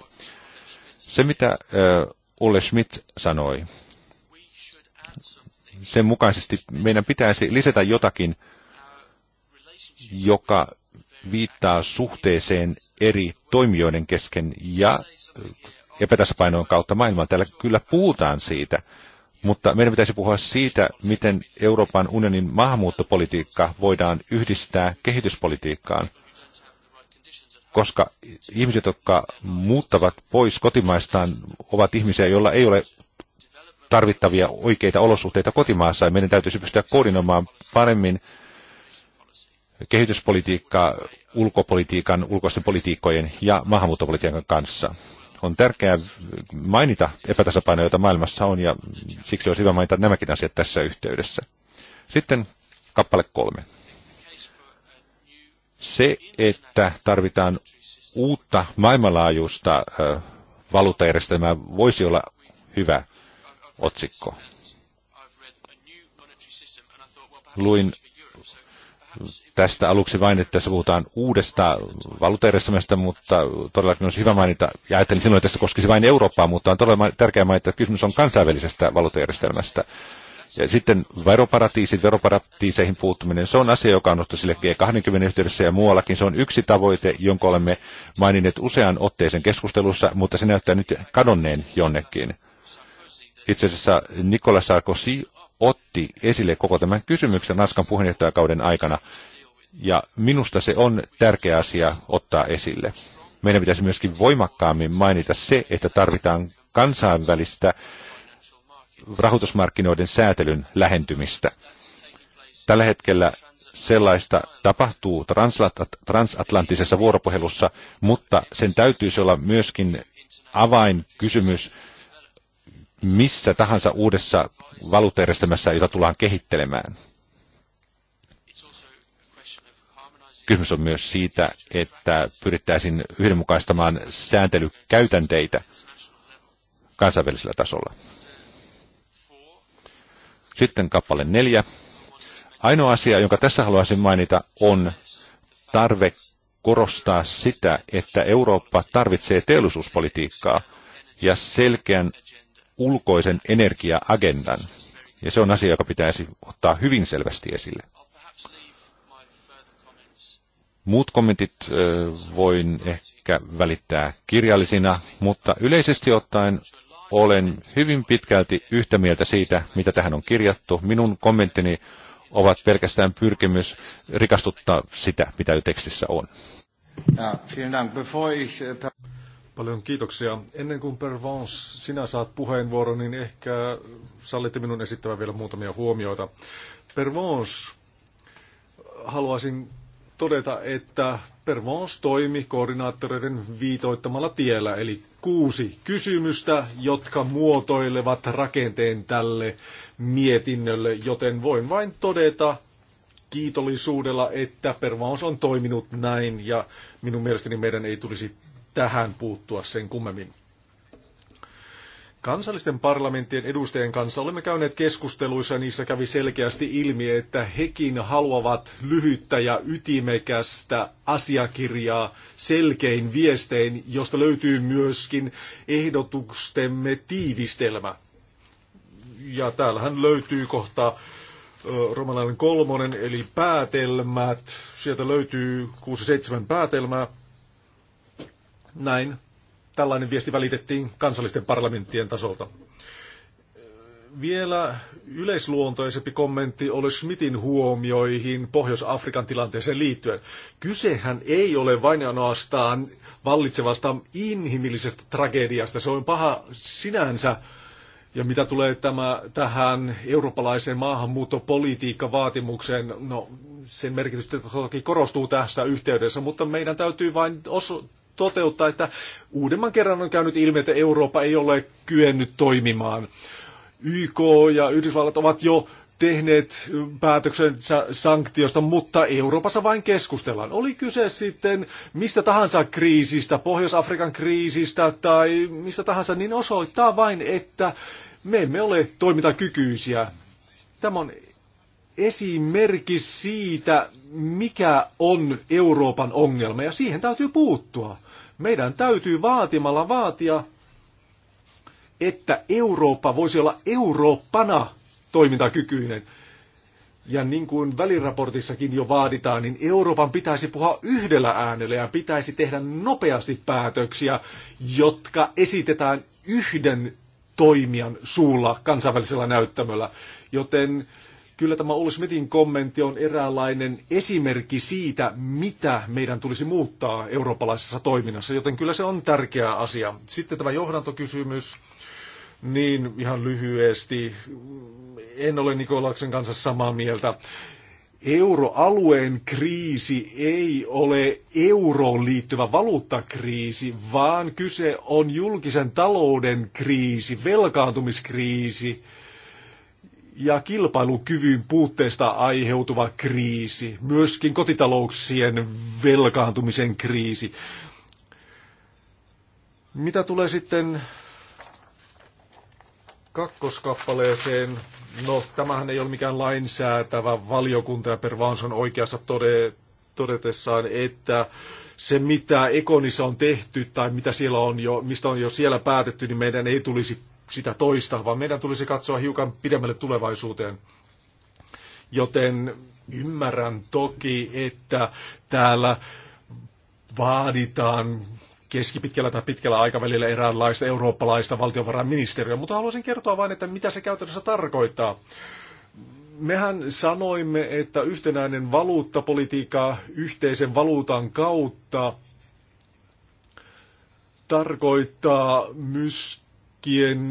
Se, mitä Ulle Schmidt sanoi, sen mukaisesti meidän pitäisi lisätä jotakin, joka viittaa suhteeseen eri toimijoiden kesken ja epätasapainojen kautta maailmaa. Täällä kyllä puhutaan siitä. Mutta meidän pitäisi puhua siitä, miten Euroopan unionin maahanmuuttopolitiikka voidaan yhdistää kehityspolitiikkaan. Koska ihmiset, jotka muuttavat pois kotimaistaan, ovat ihmisiä, joilla ei ole tarvittavia oikeita olosuhteita kotimaassa. Ja meidän täytyisi pystyä koordinoimaan paremmin kehityspolitiikkaa ulkopolitiikan, ulkoisten politiikkojen ja maahanmuuttopolitiikan kanssa on tärkeää mainita epätasapainoja, joita maailmassa on, ja siksi olisi hyvä mainita nämäkin asiat tässä yhteydessä. Sitten kappale kolme. Se, että tarvitaan uutta maailmanlaajuista valuuttajärjestelmää, voisi olla hyvä otsikko. Luin tästä aluksi vain, että tässä puhutaan uudesta valuutajärjestelmästä, mutta todellakin olisi hyvä mainita, ja ajattelin silloin, että tässä koskisi vain Eurooppaa, mutta on todella tärkeää mainita, että kysymys on kansainvälisestä valuutajärjestelmästä. Ja sitten veroparatiisit, veroparatiiseihin puuttuminen, se on asia, joka on nostettu sille G20 yhteydessä ja muuallakin. Se on yksi tavoite, jonka olemme maininneet usean otteisen keskustelussa, mutta se näyttää nyt kadonneen jonnekin. Itse asiassa Nicolas Sarkozy otti esille koko tämän kysymyksen naskan puheenjohtajakauden aikana. Ja minusta se on tärkeä asia ottaa esille. Meidän pitäisi myöskin voimakkaammin mainita se, että tarvitaan kansainvälistä rahoitusmarkkinoiden säätelyn lähentymistä. Tällä hetkellä sellaista tapahtuu transatlanttisessa vuoropuhelussa, mutta sen täytyisi olla myöskin avainkysymys missä tahansa uudessa valuuttajärjestelmässä, jota tullaan kehittelemään. Kysymys on myös siitä, että pyrittäisiin yhdenmukaistamaan sääntelykäytänteitä kansainvälisellä tasolla. Sitten kappale neljä. Ainoa asia, jonka tässä haluaisin mainita, on tarve korostaa sitä, että Eurooppa tarvitsee teollisuuspolitiikkaa ja selkeän ulkoisen energiaagendan. Ja se on asia, joka pitäisi ottaa hyvin selvästi esille. Muut kommentit voin ehkä välittää kirjallisina, mutta yleisesti ottaen olen hyvin pitkälti yhtä mieltä siitä, mitä tähän on kirjattu. Minun kommenttini ovat pelkästään pyrkimys rikastuttaa sitä, mitä jo tekstissä on. Paljon kiitoksia. Ennen kuin Pervance, sinä saat puheenvuoron, niin ehkä sallitte minun esittävän vielä muutamia huomioita. Pervance, haluaisin todeta, että Pervons toimi koordinaattoreiden viitoittamalla tiellä, eli kuusi kysymystä, jotka muotoilevat rakenteen tälle mietinnölle, joten voin vain todeta kiitollisuudella, että Pervons on toiminut näin, ja minun mielestäni meidän ei tulisi tähän puuttua sen kummemmin. Kansallisten parlamenttien edustajien kanssa olemme käyneet keskusteluissa ja niissä kävi selkeästi ilmi, että hekin haluavat lyhyttä ja ytimekästä asiakirjaa selkein viestein, josta löytyy myöskin ehdotustemme tiivistelmä. Ja täällähän löytyy kohta romalainen kolmonen, eli päätelmät. Sieltä löytyy 6-7 päätelmää. Näin tällainen viesti välitettiin kansallisten parlamenttien tasolta. Vielä yleisluontoisempi kommentti oli Schmidtin huomioihin Pohjois-Afrikan tilanteeseen liittyen. Kysehän ei ole vain ainoastaan vallitsevasta inhimillisestä tragediasta. Se on paha sinänsä. Ja mitä tulee tämä, tähän eurooppalaiseen maahanmuuttopolitiikan vaatimukseen, no sen merkitys toki korostuu tässä yhteydessä, mutta meidän täytyy vain oso- toteuttaa, että uudemman kerran on käynyt ilmi, että Eurooppa ei ole kyennyt toimimaan. YK ja Yhdysvallat ovat jo tehneet päätöksensä sanktiosta, mutta Euroopassa vain keskustellaan. Oli kyse sitten mistä tahansa kriisistä, Pohjois-Afrikan kriisistä tai mistä tahansa, niin osoittaa vain, että me emme ole toimintakykyisiä. Tämä on esimerkki siitä, mikä on Euroopan ongelma, ja siihen täytyy puuttua. Meidän täytyy vaatimalla vaatia, että Eurooppa voisi olla Eurooppana toimintakykyinen. Ja niin kuin väliraportissakin jo vaaditaan, niin Euroopan pitäisi puhua yhdellä äänellä ja pitäisi tehdä nopeasti päätöksiä, jotka esitetään yhden toimijan suulla kansainvälisellä näyttämöllä. Joten Kyllä tämä Ulu Smithin kommentti on eräänlainen esimerkki siitä, mitä meidän tulisi muuttaa eurooppalaisessa toiminnassa, joten kyllä se on tärkeä asia. Sitten tämä johdantokysymys, niin ihan lyhyesti, en ole Nikolaksen kanssa samaa mieltä euroalueen kriisi ei ole euroon liittyvä valuuttakriisi, vaan kyse on julkisen talouden kriisi, velkaantumiskriisi ja kilpailukyvyn puutteesta aiheutuva kriisi, myöskin kotitalouksien velkaantumisen kriisi. Mitä tulee sitten kakkoskappaleeseen, no tämähän ei ole mikään lainsäätävä valiokunta ja Per Vanson oikeassa tode, todetessaan, että se mitä Ekonissa on tehty tai mitä siellä on jo, mistä on jo siellä päätetty, niin meidän ei tulisi sitä toista, vaan meidän tulisi katsoa hiukan pidemmälle tulevaisuuteen. Joten ymmärrän toki, että täällä vaaditaan keskipitkällä tai pitkällä aikavälillä eräänlaista eurooppalaista valtiovarainministeriöä, mutta haluaisin kertoa vain, että mitä se käytännössä tarkoittaa. Mehän sanoimme, että yhtenäinen valuuttapolitiikka yhteisen valuutan kautta tarkoittaa myös pankkien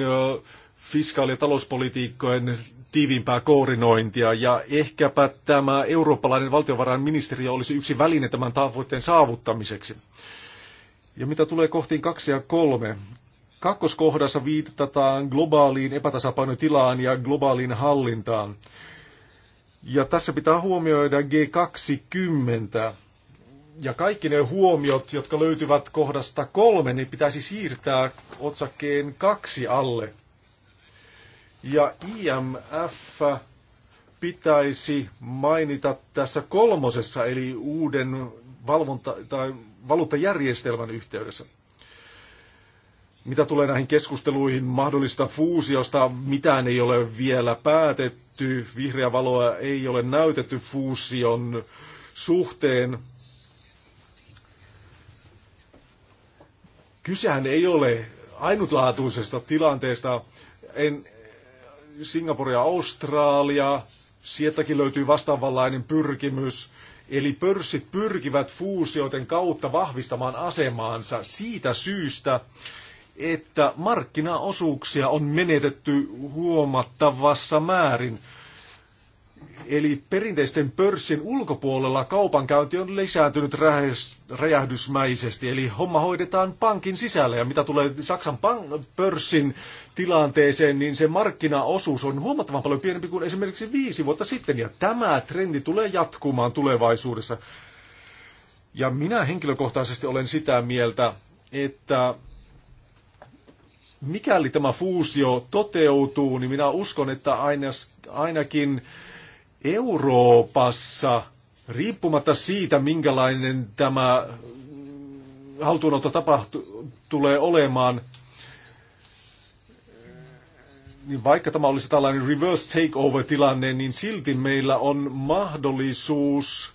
fiskaali- ja talouspolitiikkojen tiiviimpää koordinointia ja ehkäpä tämä eurooppalainen valtiovarainministeriö olisi yksi väline tämän tavoitteen saavuttamiseksi. Ja mitä tulee kohtiin kaksi ja kolme, Kakkoskohdassa viitataan globaaliin epätasapainotilaan ja globaaliin hallintaan. Ja tässä pitää huomioida G20. Ja kaikki ne huomiot, jotka löytyvät kohdasta kolme, niin pitäisi siirtää otsakkeen kaksi alle. Ja IMF pitäisi mainita tässä kolmosessa, eli uuden valvonta- tai valuuttajärjestelmän yhteydessä. Mitä tulee näihin keskusteluihin mahdollista fuusiosta, mitään ei ole vielä päätetty, vihreä valoa ei ole näytetty fuusion suhteen, Kysehän ei ole ainutlaatuisesta tilanteesta. En, Singapore ja Australia, sieltäkin löytyy vastaavanlainen pyrkimys. Eli pörssit pyrkivät fuusioiden kautta vahvistamaan asemaansa siitä syystä, että markkinaosuuksia on menetetty huomattavassa määrin. Eli perinteisten pörssin ulkopuolella kaupankäynti on lisääntynyt räjähdysmäisesti, eli homma hoidetaan pankin sisällä. Ja mitä tulee Saksan pörssin tilanteeseen, niin se markkinaosuus on huomattavan paljon pienempi kuin esimerkiksi viisi vuotta sitten, ja tämä trendi tulee jatkumaan tulevaisuudessa. Ja minä henkilökohtaisesti olen sitä mieltä, että mikäli tämä fuusio toteutuu, niin minä uskon, että ainakin Euroopassa, riippumatta siitä, minkälainen tämä haltuunotto tapahtu, tulee olemaan, niin vaikka tämä olisi tällainen reverse takeover-tilanne, niin silti meillä on mahdollisuus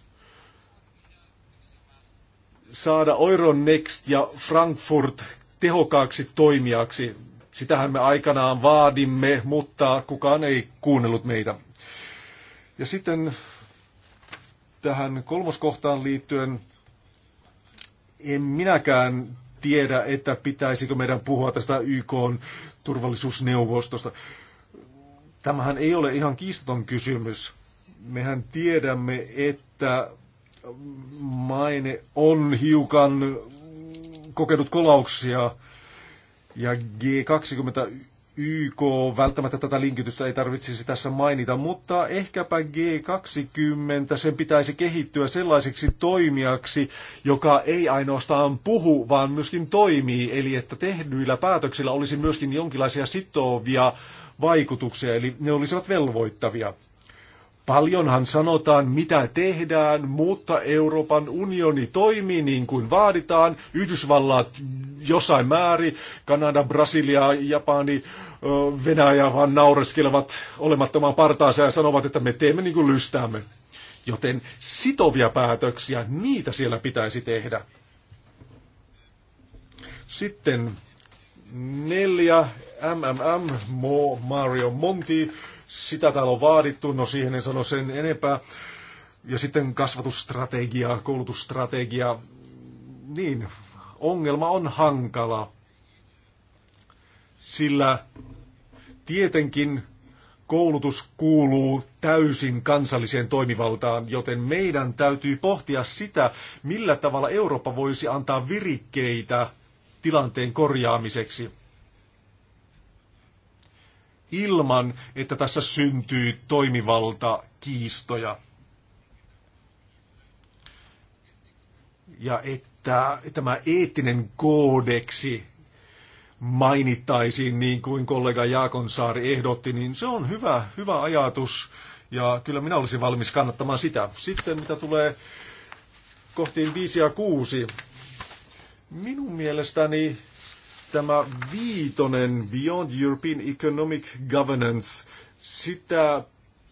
saada Euronext ja Frankfurt tehokkaaksi toimijaksi. Sitähän me aikanaan vaadimme, mutta kukaan ei kuunnellut meitä. Ja sitten tähän kolmoskohtaan liittyen en minäkään tiedä, että pitäisikö meidän puhua tästä YK turvallisuusneuvostosta. Tämähän ei ole ihan kiistaton kysymys. Mehän tiedämme, että maine on hiukan kokenut kolauksia ja G20 YK, välttämättä tätä linkitystä ei tarvitsisi tässä mainita, mutta ehkäpä G20, sen pitäisi kehittyä sellaiseksi toimijaksi, joka ei ainoastaan puhu, vaan myöskin toimii, eli että tehdyillä päätöksillä olisi myöskin jonkinlaisia sitovia vaikutuksia, eli ne olisivat velvoittavia. Paljonhan sanotaan, mitä tehdään, mutta Euroopan unioni toimii niin kuin vaaditaan. Yhdysvallat jossain määrin, Kanada, Brasilia, Japani, Venäjä vaan naureskelevat olemattomaan partaansa ja sanovat, että me teemme niin kuin lystäämme. Joten sitovia päätöksiä, niitä siellä pitäisi tehdä. Sitten neljä MMM, Mario Monti sitä täällä on vaadittu, no siihen en sano sen enempää. Ja sitten kasvatusstrategia, koulutusstrategia, niin ongelma on hankala, sillä tietenkin koulutus kuuluu täysin kansalliseen toimivaltaan, joten meidän täytyy pohtia sitä, millä tavalla Eurooppa voisi antaa virikkeitä tilanteen korjaamiseksi ilman, että tässä syntyy toimivalta kiistoja. Ja että tämä eettinen koodeksi mainittaisiin, niin kuin kollega Saari ehdotti, niin se on hyvä, hyvä ajatus. Ja kyllä minä olisin valmis kannattamaan sitä. Sitten mitä tulee kohtiin 5 ja 6. Minun mielestäni tämä viitonen Beyond European Economic Governance, sitä,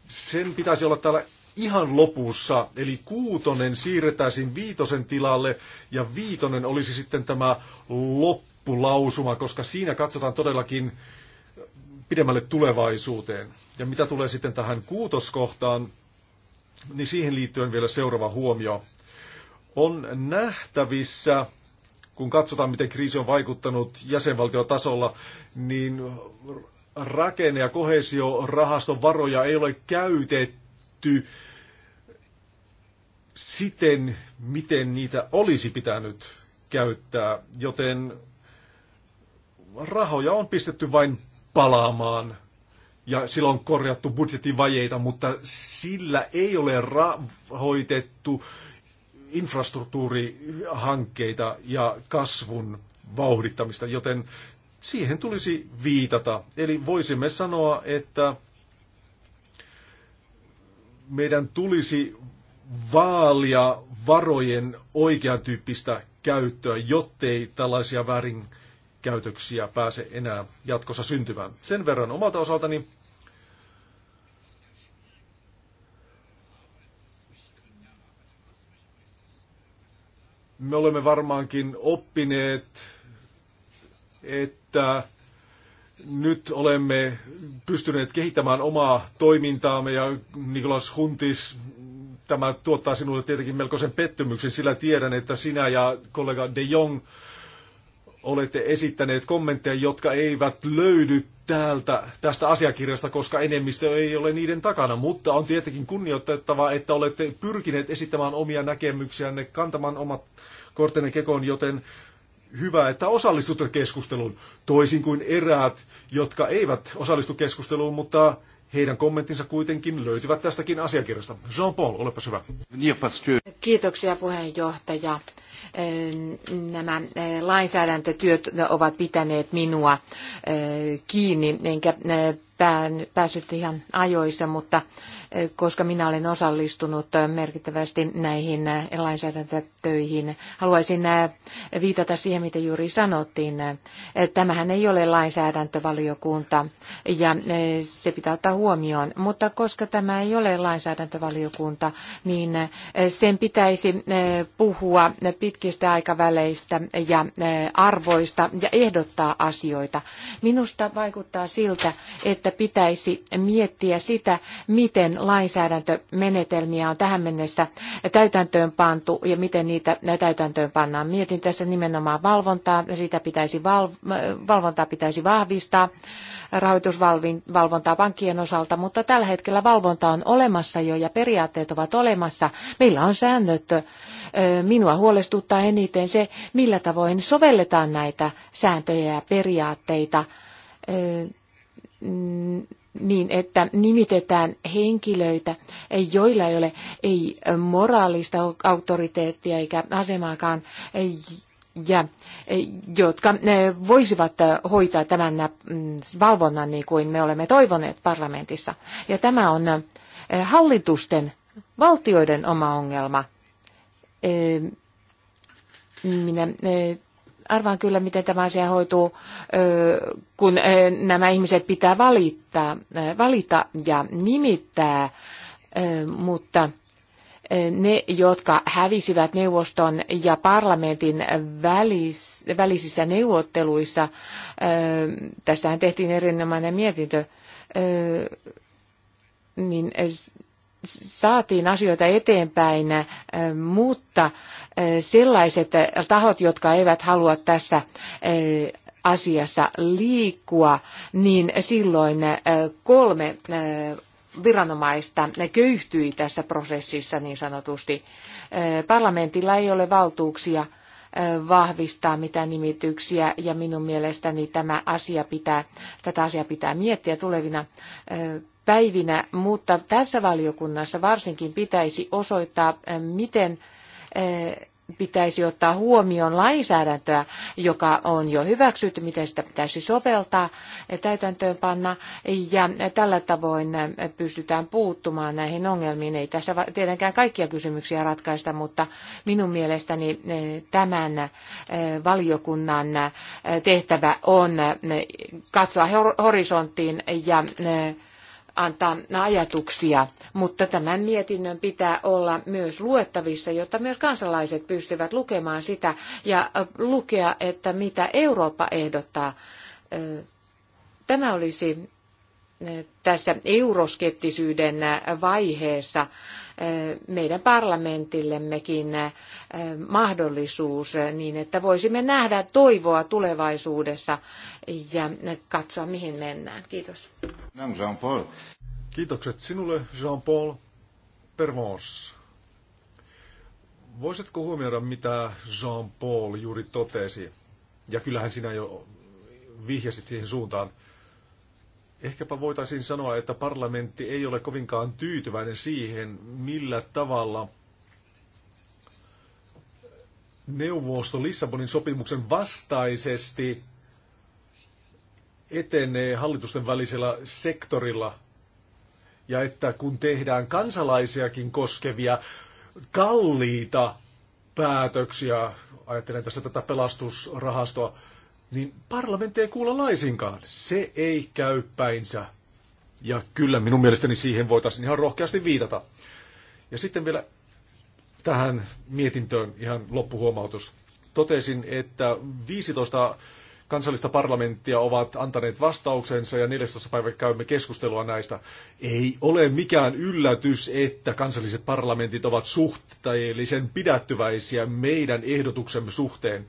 sen pitäisi olla täällä ihan lopussa, eli kuutonen siirretäisiin viitosen tilalle ja viitonen olisi sitten tämä loppulausuma, koska siinä katsotaan todellakin pidemmälle tulevaisuuteen. Ja mitä tulee sitten tähän kuutoskohtaan, niin siihen liittyen vielä seuraava huomio. On nähtävissä, kun katsotaan, miten kriisi on vaikuttanut jäsenvaltiotasolla, niin rakenne- ja kohesiorahaston varoja ei ole käytetty siten, miten niitä olisi pitänyt käyttää, joten rahoja on pistetty vain palaamaan ja silloin korjattu budjettivajeita, mutta sillä ei ole rahoitettu infrastruktuurihankkeita ja kasvun vauhdittamista, joten siihen tulisi viitata. Eli voisimme sanoa, että meidän tulisi vaalia varojen oikean tyyppistä käyttöä, jottei tällaisia väärinkäytöksiä pääse enää jatkossa syntymään. Sen verran omalta osaltani Me olemme varmaankin oppineet, että nyt olemme pystyneet kehittämään omaa toimintaamme ja Nikolas Huntis, tämä tuottaa sinulle tietenkin melkoisen pettymyksen, sillä tiedän, että sinä ja kollega De Jong olette esittäneet kommentteja, jotka eivät löydy täältä, tästä asiakirjasta, koska enemmistö ei ole niiden takana, mutta on tietenkin kunnioitettavaa, että olette pyrkineet esittämään omia näkemyksiänne, kantamaan omat kortenne kekoon, joten hyvä, että osallistutte keskusteluun, toisin kuin eräät, jotka eivät osallistu keskusteluun, mutta heidän kommenttinsa kuitenkin löytyvät tästäkin asiakirjasta. Jean-Paul, olepas hyvä. Kiitoksia puheenjohtaja nämä lainsäädäntötyöt ovat pitäneet minua kiinni, enkä päässyt ihan ajoissa, mutta koska minä olen osallistunut merkittävästi näihin lainsäädäntötöihin, haluaisin viitata siihen, mitä juuri sanottiin. Tämähän ei ole lainsäädäntövaliokunta ja se pitää ottaa huomioon, mutta koska tämä ei ole lainsäädäntövaliokunta, niin sen pitäisi puhua pitkistä aikaväleistä ja arvoista ja ehdottaa asioita. Minusta vaikuttaa siltä, että pitäisi miettiä sitä, miten lainsäädäntömenetelmiä on tähän mennessä täytäntöön pantu ja miten niitä täytäntöön pannaan. Mietin tässä nimenomaan valvontaa, sitä pitäisi val, valvontaa pitäisi vahvistaa, rahoitusvalvontaa pankkien osalta, mutta tällä hetkellä valvonta on olemassa jo ja periaatteet ovat olemassa. Meillä on säännöt. Minua huolestuttaa eniten se, millä tavoin sovelletaan näitä sääntöjä ja periaatteita Mm, niin, että nimitetään henkilöitä, joilla ei ole ei moraalista autoriteettia, eikä asemaakaan, ei, ja jotka eh, voisivat eh, hoitaa tämän mm, valvonnan niin kuin me olemme toivoneet parlamentissa. Ja tämä on eh, hallitusten, valtioiden oma ongelma. Minä arvaan kyllä, miten tämä asia hoituu, kun nämä ihmiset pitää valittaa, valita ja nimittää, mutta ne, jotka hävisivät neuvoston ja parlamentin välis, välisissä neuvotteluissa, tästähän tehtiin erinomainen mietintö, niin saatiin asioita eteenpäin, mutta sellaiset tahot, jotka eivät halua tässä asiassa liikkua, niin silloin kolme viranomaista köyhtyi tässä prosessissa niin sanotusti. Parlamentilla ei ole valtuuksia vahvistaa mitä nimityksiä ja minun mielestäni tämä asia pitää, tätä asiaa pitää miettiä tulevina päivinä, mutta tässä valiokunnassa varsinkin pitäisi osoittaa, eh, miten eh, pitäisi ottaa huomioon lainsäädäntöä, joka on jo hyväksytty, miten sitä pitäisi soveltaa, eh, täytäntöönpanna, ja tällä tavoin pystytään puuttumaan näihin ongelmiin. Ei tässä tietenkään kaikkia kysymyksiä ratkaista, mutta minun mielestäni tämän valiokunnan tehtävä on katsoa horisonttiin ja antaa ajatuksia, mutta tämän mietinnön pitää olla myös luettavissa, jotta myös kansalaiset pystyvät lukemaan sitä ja lukea, että mitä Eurooppa ehdottaa. Tämä olisi tässä euroskeptisyyden vaiheessa meidän parlamentillemmekin eh, mahdollisuus eh, niin, että voisimme nähdä toivoa tulevaisuudessa ja katsoa, mihin mennään. Kiitos. Jean-Paul. Kiitokset sinulle, Jean-Paul. Pervons. Voisitko huomioida, mitä Jean-Paul juuri totesi? Ja kyllähän sinä jo vihjasit siihen suuntaan. Ehkäpä voitaisiin sanoa, että parlamentti ei ole kovinkaan tyytyväinen siihen, millä tavalla neuvosto Lissabonin sopimuksen vastaisesti etenee hallitusten välisellä sektorilla ja että kun tehdään kansalaisiakin koskevia kalliita päätöksiä, ajattelen tässä tätä pelastusrahastoa, niin parlamentti ei kuulla laisinkaan. Se ei käy päinsä. Ja kyllä minun mielestäni siihen voitaisiin ihan rohkeasti viitata. Ja sitten vielä tähän mietintöön ihan loppuhuomautus. Totesin, että 15 kansallista parlamenttia ovat antaneet vastauksensa ja 14. päivä käymme keskustelua näistä. Ei ole mikään yllätys, että kansalliset parlamentit ovat suhteellisen pidättyväisiä meidän ehdotuksemme suhteen.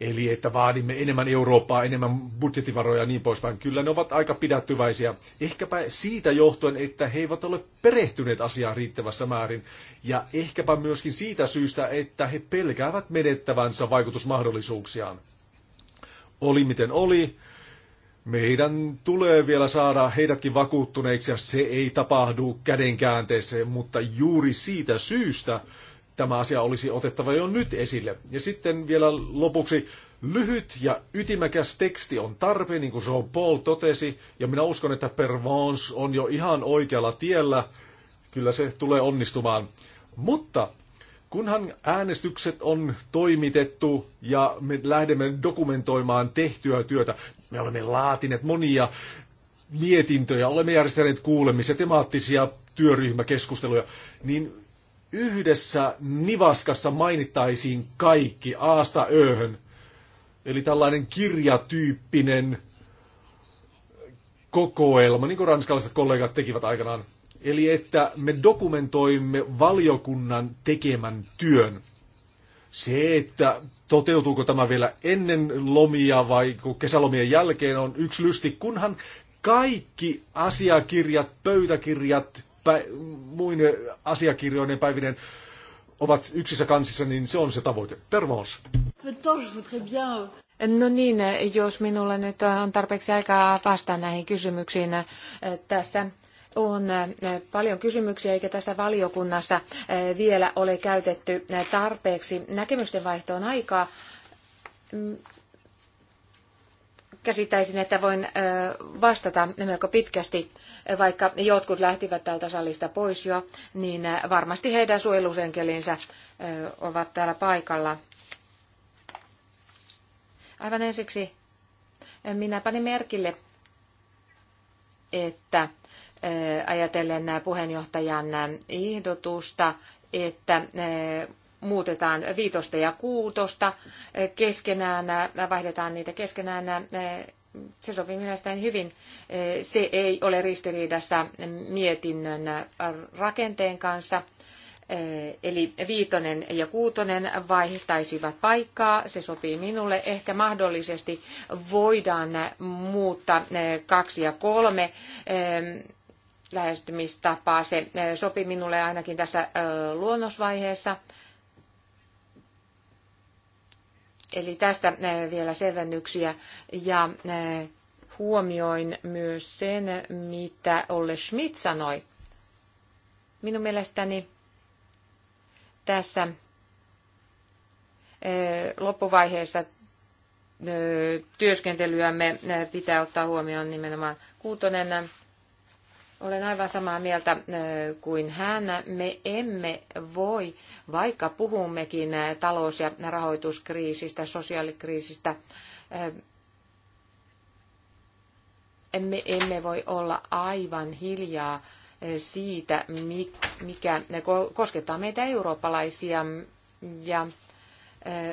Eli että vaadimme enemmän Eurooppaa, enemmän budjettivaroja ja niin poispäin. Kyllä ne ovat aika pidättyväisiä. Ehkäpä siitä johtuen, että he eivät ole perehtyneet asiaan riittävässä määrin. Ja ehkäpä myöskin siitä syystä, että he pelkäävät menettävänsä vaikutusmahdollisuuksiaan. Oli miten oli. Meidän tulee vielä saada heidätkin vakuuttuneiksi ja se ei tapahdu kädenkäänteeseen, mutta juuri siitä syystä tämä asia olisi otettava jo nyt esille. Ja sitten vielä lopuksi lyhyt ja ytimäkäs teksti on tarpeen, niin kuin Jean-Paul totesi, ja minä uskon, että Pervance on jo ihan oikealla tiellä. Kyllä se tulee onnistumaan. Mutta kunhan äänestykset on toimitettu ja me lähdemme dokumentoimaan tehtyä työtä, me olemme laatineet monia mietintöjä, olemme järjestäneet kuulemisia, temaattisia työryhmäkeskusteluja, niin yhdessä nivaskassa mainittaisiin kaikki aasta ööhön. Eli tällainen kirjatyyppinen kokoelma, niin kuin ranskalaiset kollegat tekivät aikanaan. Eli että me dokumentoimme valiokunnan tekemän työn. Se, että toteutuuko tämä vielä ennen lomia vai kesälomien jälkeen on yksi lysti, kunhan kaikki asiakirjat, pöytäkirjat, muin asiakirjoinen päivinen ovat yksissä kansissa, niin se on se tavoite. Tervaus! No niin, jos minulla nyt on tarpeeksi aikaa vastaa näihin kysymyksiin. Tässä on paljon kysymyksiä, eikä tässä valiokunnassa vielä ole käytetty tarpeeksi näkemysten vaihtoon aikaa käsittäisin, että voin vastata melko pitkästi, vaikka jotkut lähtivät tältä salista pois jo, niin varmasti heidän suojelusenkelinsä ovat täällä paikalla. Aivan ensiksi minä panin merkille, että ajatellen puheenjohtajan ehdotusta, että muutetaan viitosta ja kuutosta keskenään, äh, vaihdetaan niitä keskenään. Äh, se sopii mielestäni hyvin. Äh, se ei ole ristiriidassa mietinnön rakenteen kanssa. Eli viitonen ja kuutonen vaihtaisivat paikkaa, se sopii minulle. Ehkä mahdollisesti voidaan muuttaa kaksi ja kolme ähm, lähestymistapaa. Se sopii minulle ainakin tässä luonnosvaiheessa. Eli tästä vielä selvennyksiä ja huomioin myös sen, mitä Olle Schmidt sanoi. Minun mielestäni tässä loppuvaiheessa työskentelyämme pitää ottaa huomioon nimenomaan kuutonen olen aivan samaa mieltä kuin hän. Me emme voi, vaikka puhummekin talous- ja rahoituskriisistä, sosiaalikriisistä, me emme voi olla aivan hiljaa siitä, mikä koskettaa meitä eurooppalaisia ja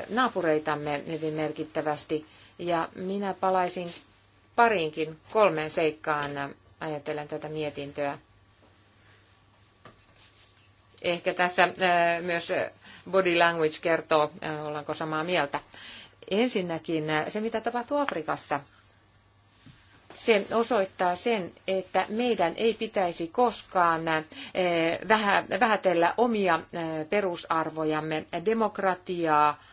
naapureitamme hyvin merkittävästi. Ja minä palaisin pariinkin kolmeen seikkaan ajatellen tätä mietintöä. Ehkä tässä myös body language kertoo, ollaanko samaa mieltä. Ensinnäkin se, mitä tapahtuu Afrikassa, se osoittaa sen, että meidän ei pitäisi koskaan vähätellä omia perusarvojamme, demokratiaa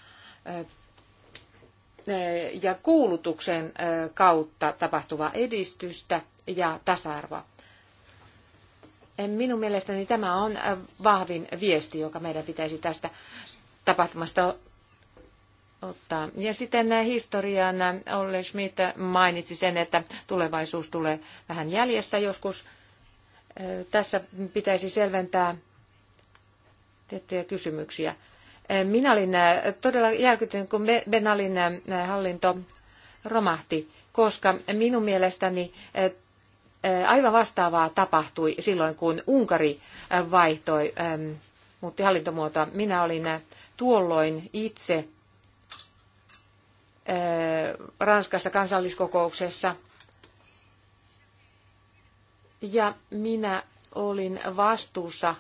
ja kuulutuksen kautta tapahtuvaa edistystä – ja tasa-arvoa. Minun mielestäni tämä on äh, vahvin viesti, joka meidän pitäisi tästä tapahtumasta ottaa. Ja sitten äh, historian äh, Olle Schmidt mainitsi sen, että tulevaisuus tulee vähän jäljessä joskus. Tässä pitäisi selventää tiettyjä kysymyksiä. Minä olin todella järkytynyt, kun Benalin hallinto romahti, koska minun mielestäni aivan vastaavaa tapahtui silloin, kun Unkari vaihtoi, muutti hallintomuotoa. Minä olin tuolloin itse Ranskassa kansalliskokouksessa. Ja minä olin vastuussa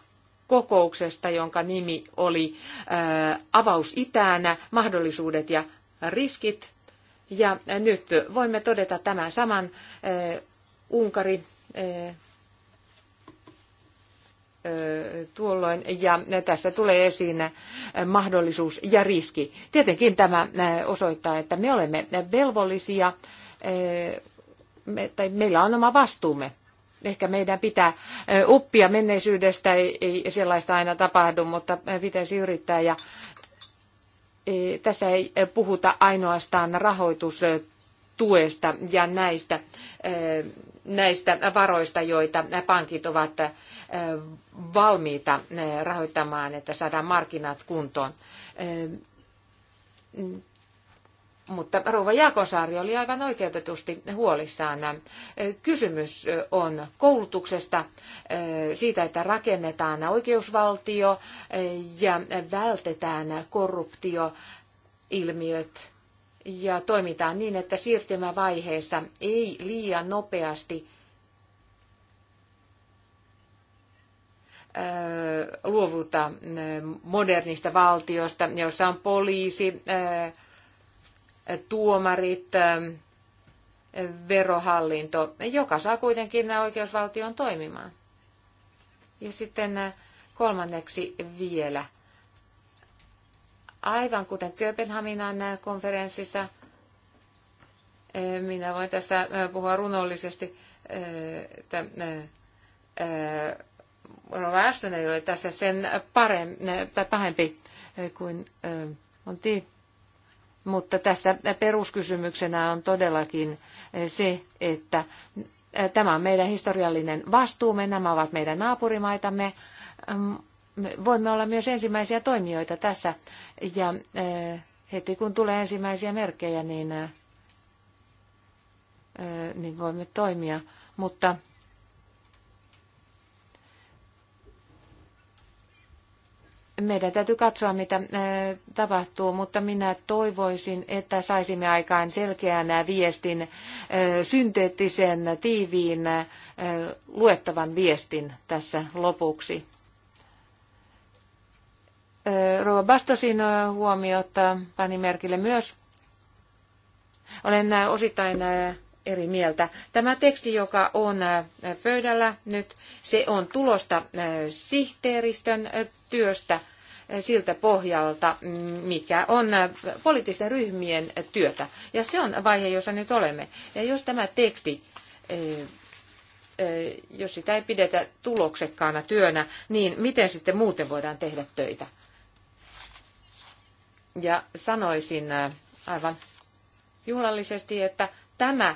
kokouksesta, jonka nimi oli Avaus itäänä mahdollisuudet ja riskit. Ja nyt voimme todeta tämän saman Unkari eh, eh, tuolloin, ja tässä tulee esiin mahdollisuus ja riski. Tietenkin tämä eh, osoittaa, että me olemme velvollisia, me, tai meillä on oma vastuumme. Ehkä meidän pitää oppia menneisyydestä, ei, ei sellaista aina tapahdu, mutta pitäisi yrittää. Ja tässä ei puhuta ainoastaan rahoitustuesta ja näistä näistä varoista, joita pankit ovat valmiita rahoittamaan, että saadaan markkinat kuntoon. Mm, mutta Rouva Jaakonsaari oli aivan oikeutetusti huolissaan. Kysymys on koulutuksesta, siitä, että rakennetaan oikeusvaltio ja vältetään korruptio ilmiöt ja toimitaan niin, että siirtymävaiheessa ei liian nopeasti luovuta modernista valtiosta, jossa on poliisi, tuomarit, verohallinto, joka saa kuitenkin oikeusvaltion toimimaan. Ja sitten kolmanneksi vielä – Aivan kuten Kööpenhaminan konferenssissa, eh, minä voin tässä eh, puhua runollisesti, eh, että Rova Ashton ei ole tässä sen parempi, tai pahempi kuin Monti. Mutta tässä peruskysymyksenä on todellakin se, että tämä on meidän historiallinen vastuumme, nämä ovat meidän naapurimaitamme, mm, voimme olla myös ensimmäisiä toimijoita tässä. Ja e, heti kun tulee ensimmäisiä merkkejä, niin, e, niin voimme toimia. Mutta meidän täytyy katsoa, mitä e, tapahtuu, mutta minä toivoisin, että saisimme aikaan selkeän viestin, synteettisen, tiiviin, luettavan viestin tässä lopuksi. Rouva Bastosin huomiota pani merkille myös. Olen osittain eri mieltä. Tämä teksti, joka on pöydällä nyt, se on tulosta sihteeristön työstä siltä pohjalta, mikä on poliittisten ryhmien työtä. Ja se on vaihe, jossa nyt olemme. Ja jos tämä teksti, jos sitä ei pidetä tuloksekkaana työnä, niin miten sitten muuten voidaan tehdä töitä? Ja sanoisin äh, aivan juhlallisesti, että tämä äh,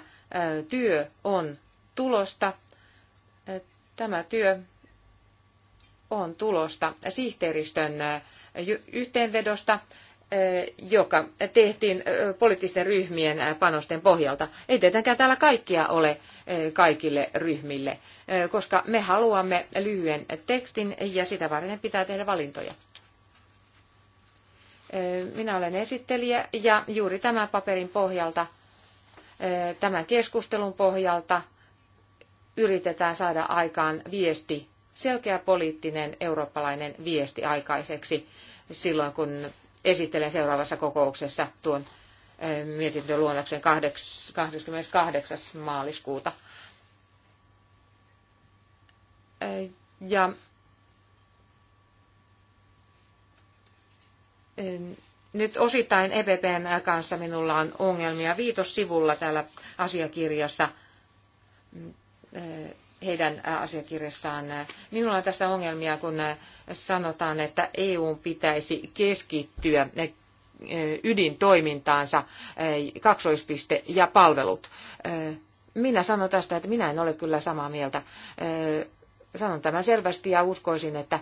työ on tulosta. Äh, tämä työ on tulosta sihteeristön yhteenvedosta, joka tehtiin poliittisten ryhmien panosten pohjalta. Ei tietenkään täällä kaikkia ole kaikille ryhmille, koska me haluamme lyhyen tekstin ja sitä varten pitää tehdä valintoja. Minä olen esittelijä ja juuri tämän paperin pohjalta, tämän keskustelun pohjalta yritetään saada aikaan viesti, selkeä poliittinen eurooppalainen viesti aikaiseksi silloin, kun esittelen seuraavassa kokouksessa tuon mietintöluonnoksen 28. maaliskuuta. Ja nyt osittain EPPn kanssa minulla on ongelmia. Viitos sivulla täällä asiakirjassa, mm, eh, heidän asiakirjassaan. Minulla on tässä ongelmia, kun eh, sanotaan, että EU pitäisi keskittyä eh, ydintoimintaansa, kaksoispiste ja palvelut. Minä sanon tästä, että minä en ole kyllä samaa mieltä. Sanon tämän selvästi ja uskoisin, että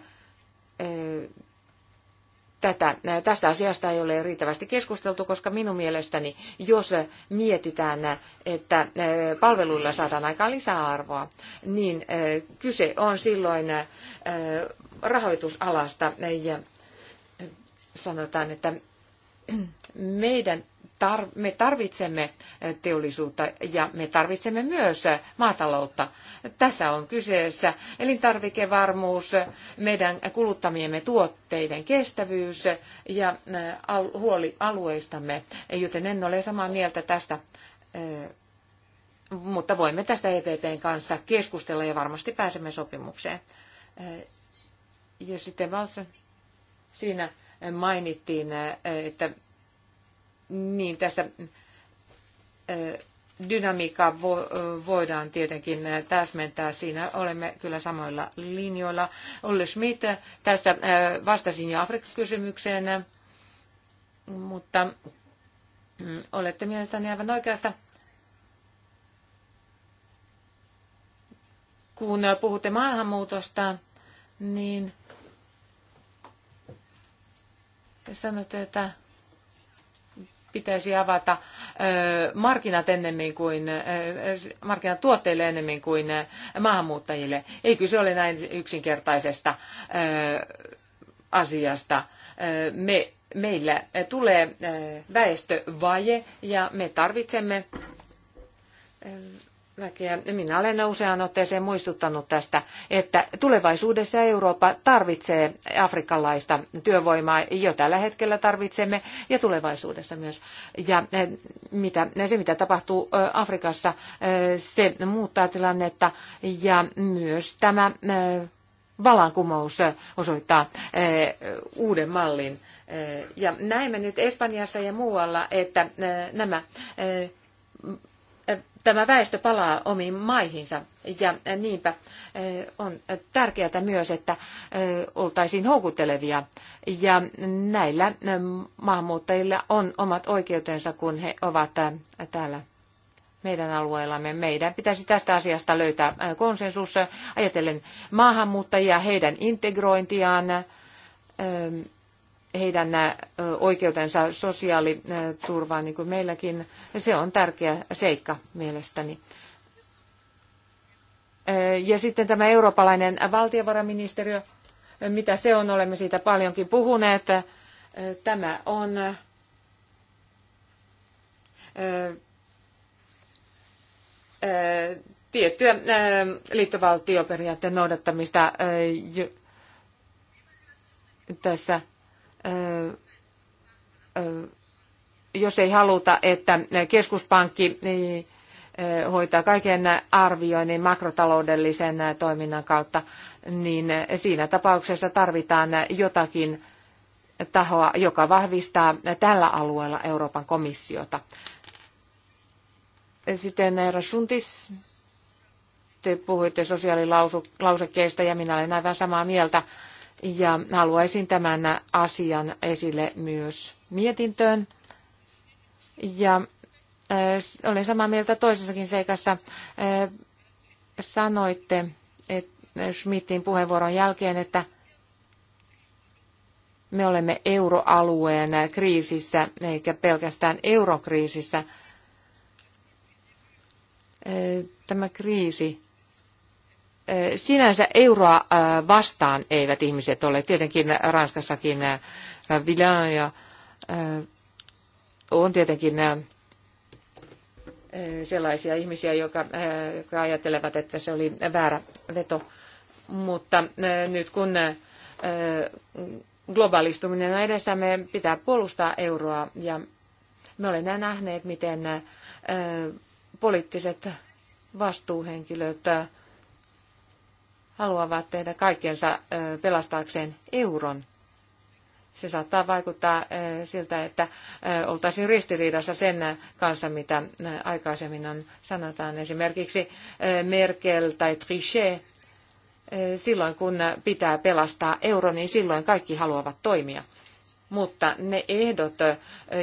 tätä, tästä asiasta ei ole riittävästi keskusteltu, koska minun mielestäni, jos mietitään, että palveluilla saadaan aikaan lisäarvoa, niin kyse on silloin rahoitusalasta ja sanotaan, että meidän me tarvitsemme teollisuutta ja me tarvitsemme myös maataloutta. Tässä on kyseessä elintarvikevarmuus, meidän kuluttamiemme tuotteiden kestävyys ja huoli alueistamme, joten en ole samaa mieltä tästä mutta voimme tästä EPPn kanssa keskustella ja varmasti pääsemme sopimukseen. Ja sitten Valsen, siinä mainittiin, että niin tässä dynamiikkaa voidaan tietenkin täsmentää. Siinä olemme kyllä samoilla linjoilla. Olle Schmidt, tässä vastasin jo Afrikka-kysymykseen, mutta mm, olette mielestäni aivan oikeassa. Kun puhutte maahanmuutosta, niin sanotte, että pitäisi avata markkinat ennemmin kuin, markkinat tuotteille ennemmin kuin maahanmuuttajille. Ei kyse ole näin yksinkertaisesta asiasta. Me, meillä tulee väestövaje ja me tarvitsemme väkeä. Minä olen usean otteeseen muistuttanut tästä, että tulevaisuudessa Eurooppa tarvitsee afrikkalaista työvoimaa jo tällä hetkellä tarvitsemme ja tulevaisuudessa myös. Ja eh, mitä, se, mitä tapahtuu eh, Afrikassa, eh, se muuttaa tilannetta ja myös tämä valankumous osoittaa uuden mallin. Ja näemme nyt Espanjassa ja muualla, että nämä tämä väestö palaa omiin maihinsa. Ja niinpä eh, on tärkeää myös, että eh, oltaisiin houkuttelevia. Ja näillä eh, maahanmuuttajilla on omat oikeutensa, kun he ovat täällä meidän alueellamme. Meidän pitäisi tästä asiasta löytää konsensus ajatellen maahanmuuttajia, heidän integrointiaan, heidän oikeutensa sosiaaliturvaan, niin kuin meilläkin. Se on tärkeä seikka mielestäni. Ja sitten tämä eurooppalainen valtiovarainministeriö, mitä se on, olemme siitä paljonkin puhuneet. Tämä on tiettyä liittovaltioperiaatteen noudattamista tässä jos ei haluta, että keskuspankki niin, hoitaa kaiken arvioinnin makrotaloudellisen toiminnan kautta, niin siinä tapauksessa tarvitaan jotakin tahoa, joka vahvistaa tällä alueella Euroopan komissiota. Sitten Eera Suntis, te puhuitte sosiaalilausekkeista ja minä olen aivan samaa mieltä ja haluaisin tämän asian esille myös mietintöön. Ja äh, olen samaa mieltä toisessakin seikassa. Äh, sanoitte että äh, Schmidtin puheenvuoron jälkeen, että me olemme euroalueen kriisissä, eikä pelkästään eurokriisissä. Tämä kriisi Sinänsä euroa vastaan eivät ihmiset ole. Tietenkin Ranskassakin ja on tietenkin sellaisia ihmisiä, jotka, ajattelevat, että se oli väärä veto. Mutta nyt kun globaalistuminen on edessä, me pitää puolustaa euroa ja me olemme nähneet, miten poliittiset vastuuhenkilöt haluavat tehdä kaikkensa pelastaakseen euron. Se saattaa vaikuttaa siltä, että oltaisiin ristiriidassa sen kanssa, mitä aikaisemmin on sanotaan. Esimerkiksi Merkel tai Trichet, silloin kun pitää pelastaa euro, niin silloin kaikki haluavat toimia mutta ne ehdot,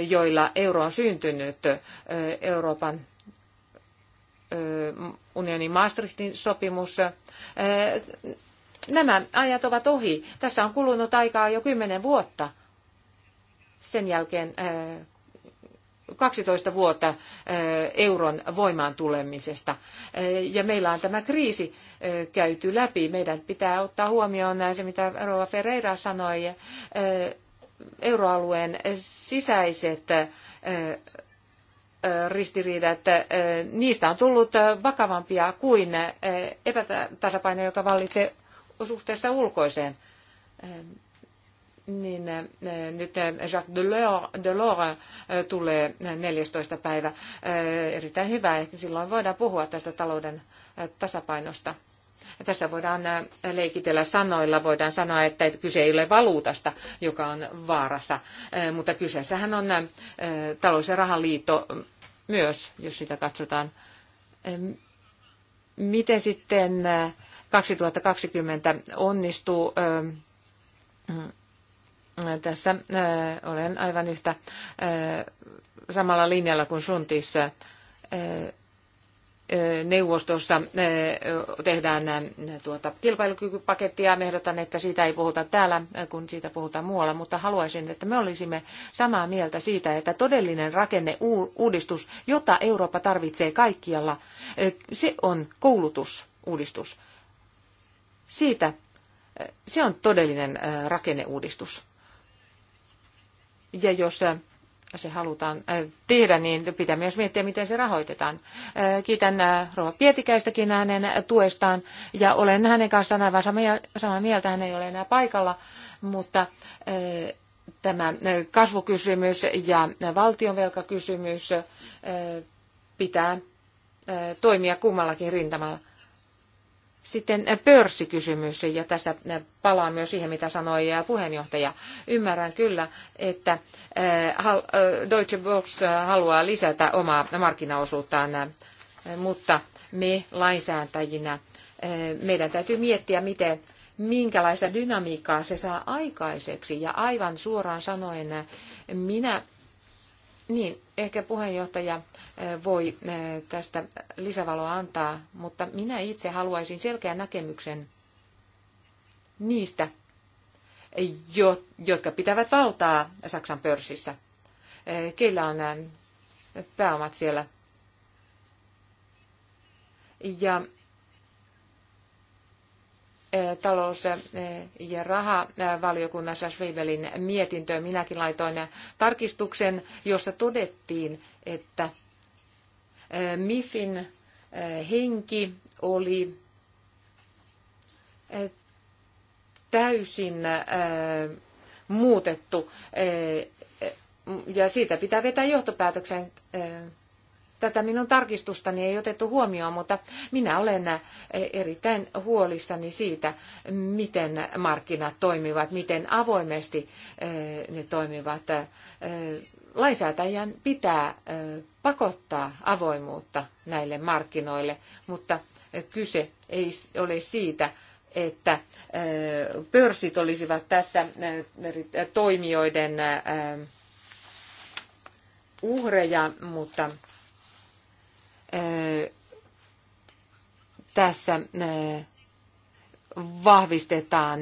joilla euro on syntynyt Euroopan unionin Maastrichtin sopimus. Nämä ajat ovat ohi. Tässä on kulunut aikaa jo kymmenen vuotta. Sen jälkeen 12 vuotta euron voimaan tulemisesta. Ja meillä on tämä kriisi käyty läpi. Meidän pitää ottaa huomioon se, mitä Rova Ferreira sanoi, euroalueen sisäiset ristiriidat, niistä on tullut vakavampia kuin epätasapaino, joka vallitsee suhteessa ulkoiseen. Niin nyt Jacques Delors, Delors tulee 14. päivä. Erittäin hyvä, että silloin voidaan puhua tästä talouden tasapainosta. Tässä voidaan äh, leikitellä sanoilla, voidaan sanoa, että kyse ei ole valuutasta, joka on vaarassa, äh, mutta kyseessähän on äh, talous- ja rahaliitto myös, jos sitä katsotaan. Ähm, miten sitten 2020 onnistuu? Ähm, tässä olen aivan yhtä samalla linjalla kuin Suntis neuvostossa tehdään tuota kilpailukykypakettia. Me ehdotan, että siitä ei puhuta täällä, kun siitä puhutaan muualla, mutta haluaisin, että me olisimme samaa mieltä siitä, että todellinen rakenneuudistus, jota Eurooppa tarvitsee kaikkialla, se on koulutusuudistus. Siitä se on todellinen rakenneuudistus. Ja jos se halutaan äh, tehdä, niin pitää myös miettiä, miten se rahoitetaan. Äh, kiitän äh, Rova Pietikäistäkin hänen tuestaan ja olen hänen kanssaan aivan samaa mieltä. Hän ei ole enää paikalla, mutta tämä kasvukysymys ja valtionvelkakysymys pitää toimia kummallakin rintamalla. Sitten pörssikysymys, ja tässä palaan myös siihen, mitä sanoi puheenjohtaja. Ymmärrän kyllä, että Deutsche Box haluaa lisätä omaa markkinaosuuttaan, mutta me lainsääntäjinä, meidän täytyy miettiä, miten, minkälaista dynamiikkaa se saa aikaiseksi. Ja aivan suoraan sanoen, minä niin, ehkä puheenjohtaja eh, voi eh, tästä lisävaloa antaa, mutta minä itse haluaisin selkeän näkemyksen niistä, jotka pitävät valtaa Saksan pörssissä. Eh, keillä on pääomat siellä. Ja talous- ja rahavaliokunnassa Schwebelin mietintöön. Minäkin laitoin tarkistuksen, jossa todettiin, että MIFin henki oli täysin muutettu ja siitä pitää vetää johtopäätöksen tätä minun tarkistustani ei otettu huomioon, mutta minä olen erittäin huolissani siitä, miten markkinat toimivat, miten avoimesti eh, ne toimivat. Eh, lainsäätäjän pitää eh, pakottaa avoimuutta näille markkinoille, mutta kyse ei ole siitä, että pörssit olisivat tässä toimijoiden uhreja, mutta tässä vahvistetaan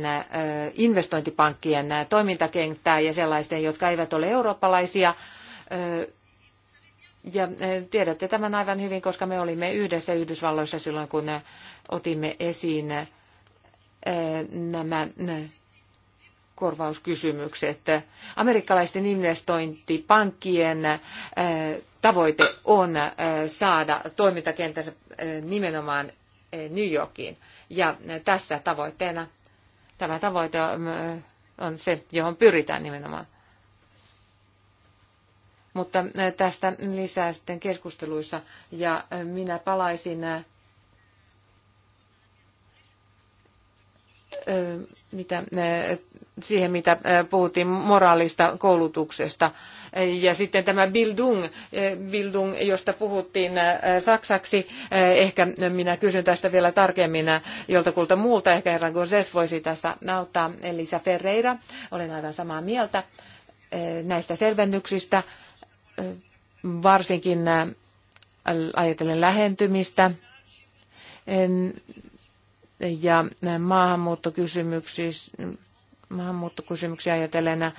investointipankkien toimintakenttää ja sellaisten, jotka eivät ole eurooppalaisia. Ja tiedätte tämän aivan hyvin, koska me olimme yhdessä Yhdysvalloissa silloin, kun otimme esiin nämä korvauskysymykset. Amerikkalaisten investointipankkien tavoite on äh, saada toimintakenttänsä äh, nimenomaan äh, New Yorkiin. Ja tässä tavoitteena, tämä tavoite on se, johon pyritään nimenomaan. Mutta tästä lisää sitten keskusteluissa ja minä palaisin mitä, siihen, mitä puhuttiin moraalista koulutuksesta. Ja sitten tämä Bildung, Bildung josta puhuttiin saksaksi, ehkä minä kysyn tästä vielä tarkemmin joltakulta muulta, ehkä herran Gozes voisi tästä nauttaa. Elisa Ferreira, olen aivan samaa mieltä näistä selvennyksistä, varsinkin ajatellen lähentymistä ja maahanmuuttokysymyksiä ajatellen äh,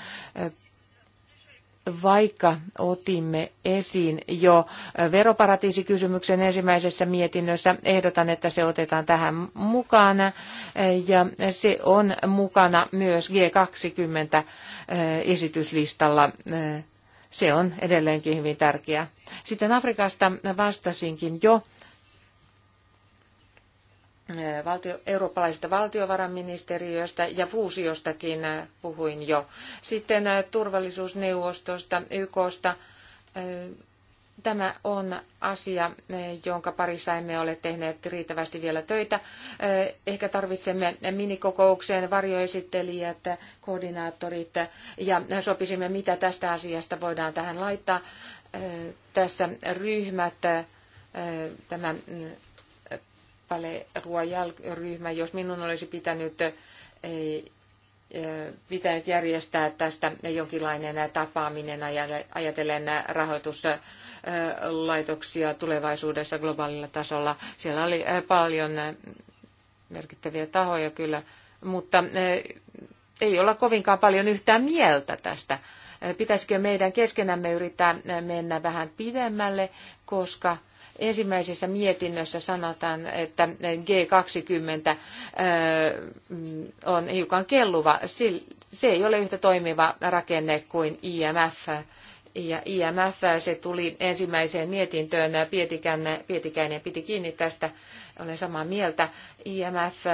vaikka otimme esiin jo äh, veroparatiisikysymyksen ensimmäisessä mietinnössä, ehdotan, että se otetaan tähän mukaan. Äh, ja se on mukana myös G20-esityslistalla. Se on edelleenkin hyvin tärkeää. Sitten Afrikasta vastasinkin jo Äh, valtio, eurooppalaisesta valtiovarainministeriöstä ja fuusiostakin äh, puhuin jo. Sitten äh, turvallisuusneuvostosta, YKsta. Tämä on asia, jonka parissa emme ole tehneet riittävästi vielä töitä. Ehkä tarvitsemme minikokoukseen varjoesittelijät, koordinaattorit ja sopisimme, mitä tästä asiasta voidaan tähän laittaa. Tässä ryhmät, tämän mm, Palais Royal-ryhmä, jos minun olisi pitänyt, eh, eh, pitänyt järjestää tästä jonkinlainen tapaaminen ajatellen rahoituslaitoksia tulevaisuudessa globaalilla tasolla. Siellä oli eh, paljon merkittäviä tahoja kyllä, mutta ei olla kovinkaan paljon yhtään mieltä tästä. Pitäisikö meidän keskenämme yrittää mennä vähän pidemmälle, koska ensimmäisessä mietinnössä sanotaan, että G20 on hiukan kelluva. Se ei ole yhtä toimiva rakenne kuin IMF. Ja IMF, se tuli ensimmäiseen mietintöön, Pietikäinen, Pietikäinen piti kiinni tästä, olen samaa mieltä. IMF,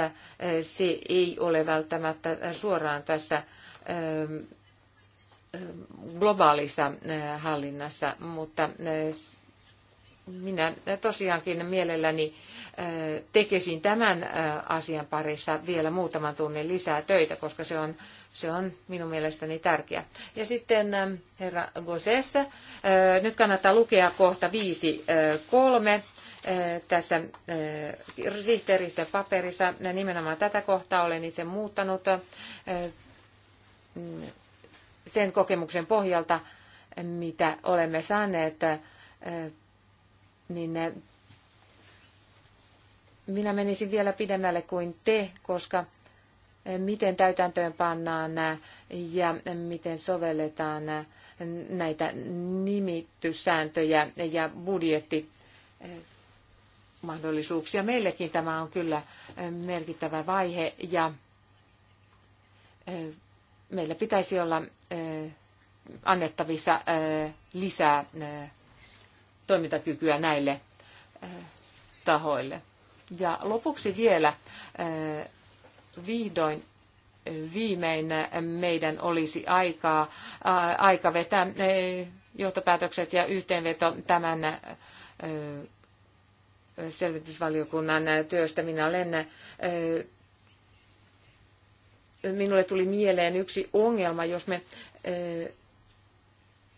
se ei ole välttämättä suoraan tässä globaalissa hallinnassa, mutta minä tosiaankin mielelläni tekisin tämän asian parissa vielä muutaman tunnin lisää töitä, koska se on, se on minun mielestäni tärkeä. Ja sitten herra Gosessa, nyt kannattaa lukea kohta 5.3 tässä sihteeristön paperissa. Nimenomaan tätä kohtaa olen itse muuttanut sen kokemuksen pohjalta, mitä olemme saaneet niin eh, minä menisin vielä pidemmälle kuin te, koska eh, miten täytäntöön pannaan eh, ja miten sovelletaan näitä nimityssääntöjä ja budjetti mahdollisuuksia. Meillekin tämä on kyllä merkittävä vaihe ja meillä pitäisi olla annettavissa lisää toimintakykyä näille äh, tahoille. Ja lopuksi vielä äh, vihdoin äh, viimein meidän olisi aikaa, aika vetää johtopäätökset ja yhteenveto tämän selvitysvaliokunnan työstä. Minä olen minulle tuli mieleen yksi ongelma, jos me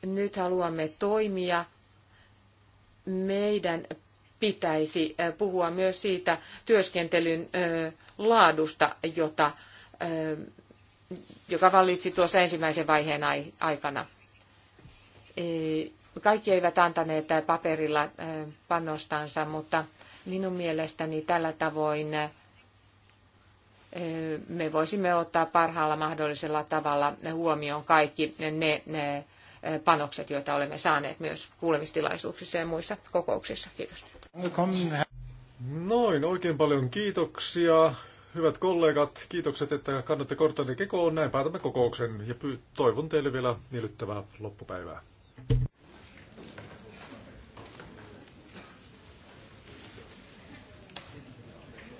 nyt haluamme toimia meidän pitäisi puhua myös siitä työskentelyn laadusta, jota, joka vallitsi tuossa ensimmäisen vaiheen aikana. E, kaikki eivät antaneet paperilla panostansa, mutta minun mielestäni tällä tavoin me voisimme ottaa parhaalla mahdollisella tavalla huomioon kaikki ne, ne panokset, joita olemme saaneet myös kuulemistilaisuuksissa ja muissa kokouksissa. Kiitos. Noin, oikein paljon kiitoksia. Hyvät kollegat, kiitokset, että kannatte korttanne kekoon. Näin päätämme kokouksen ja toivon teille vielä miellyttävää loppupäivää.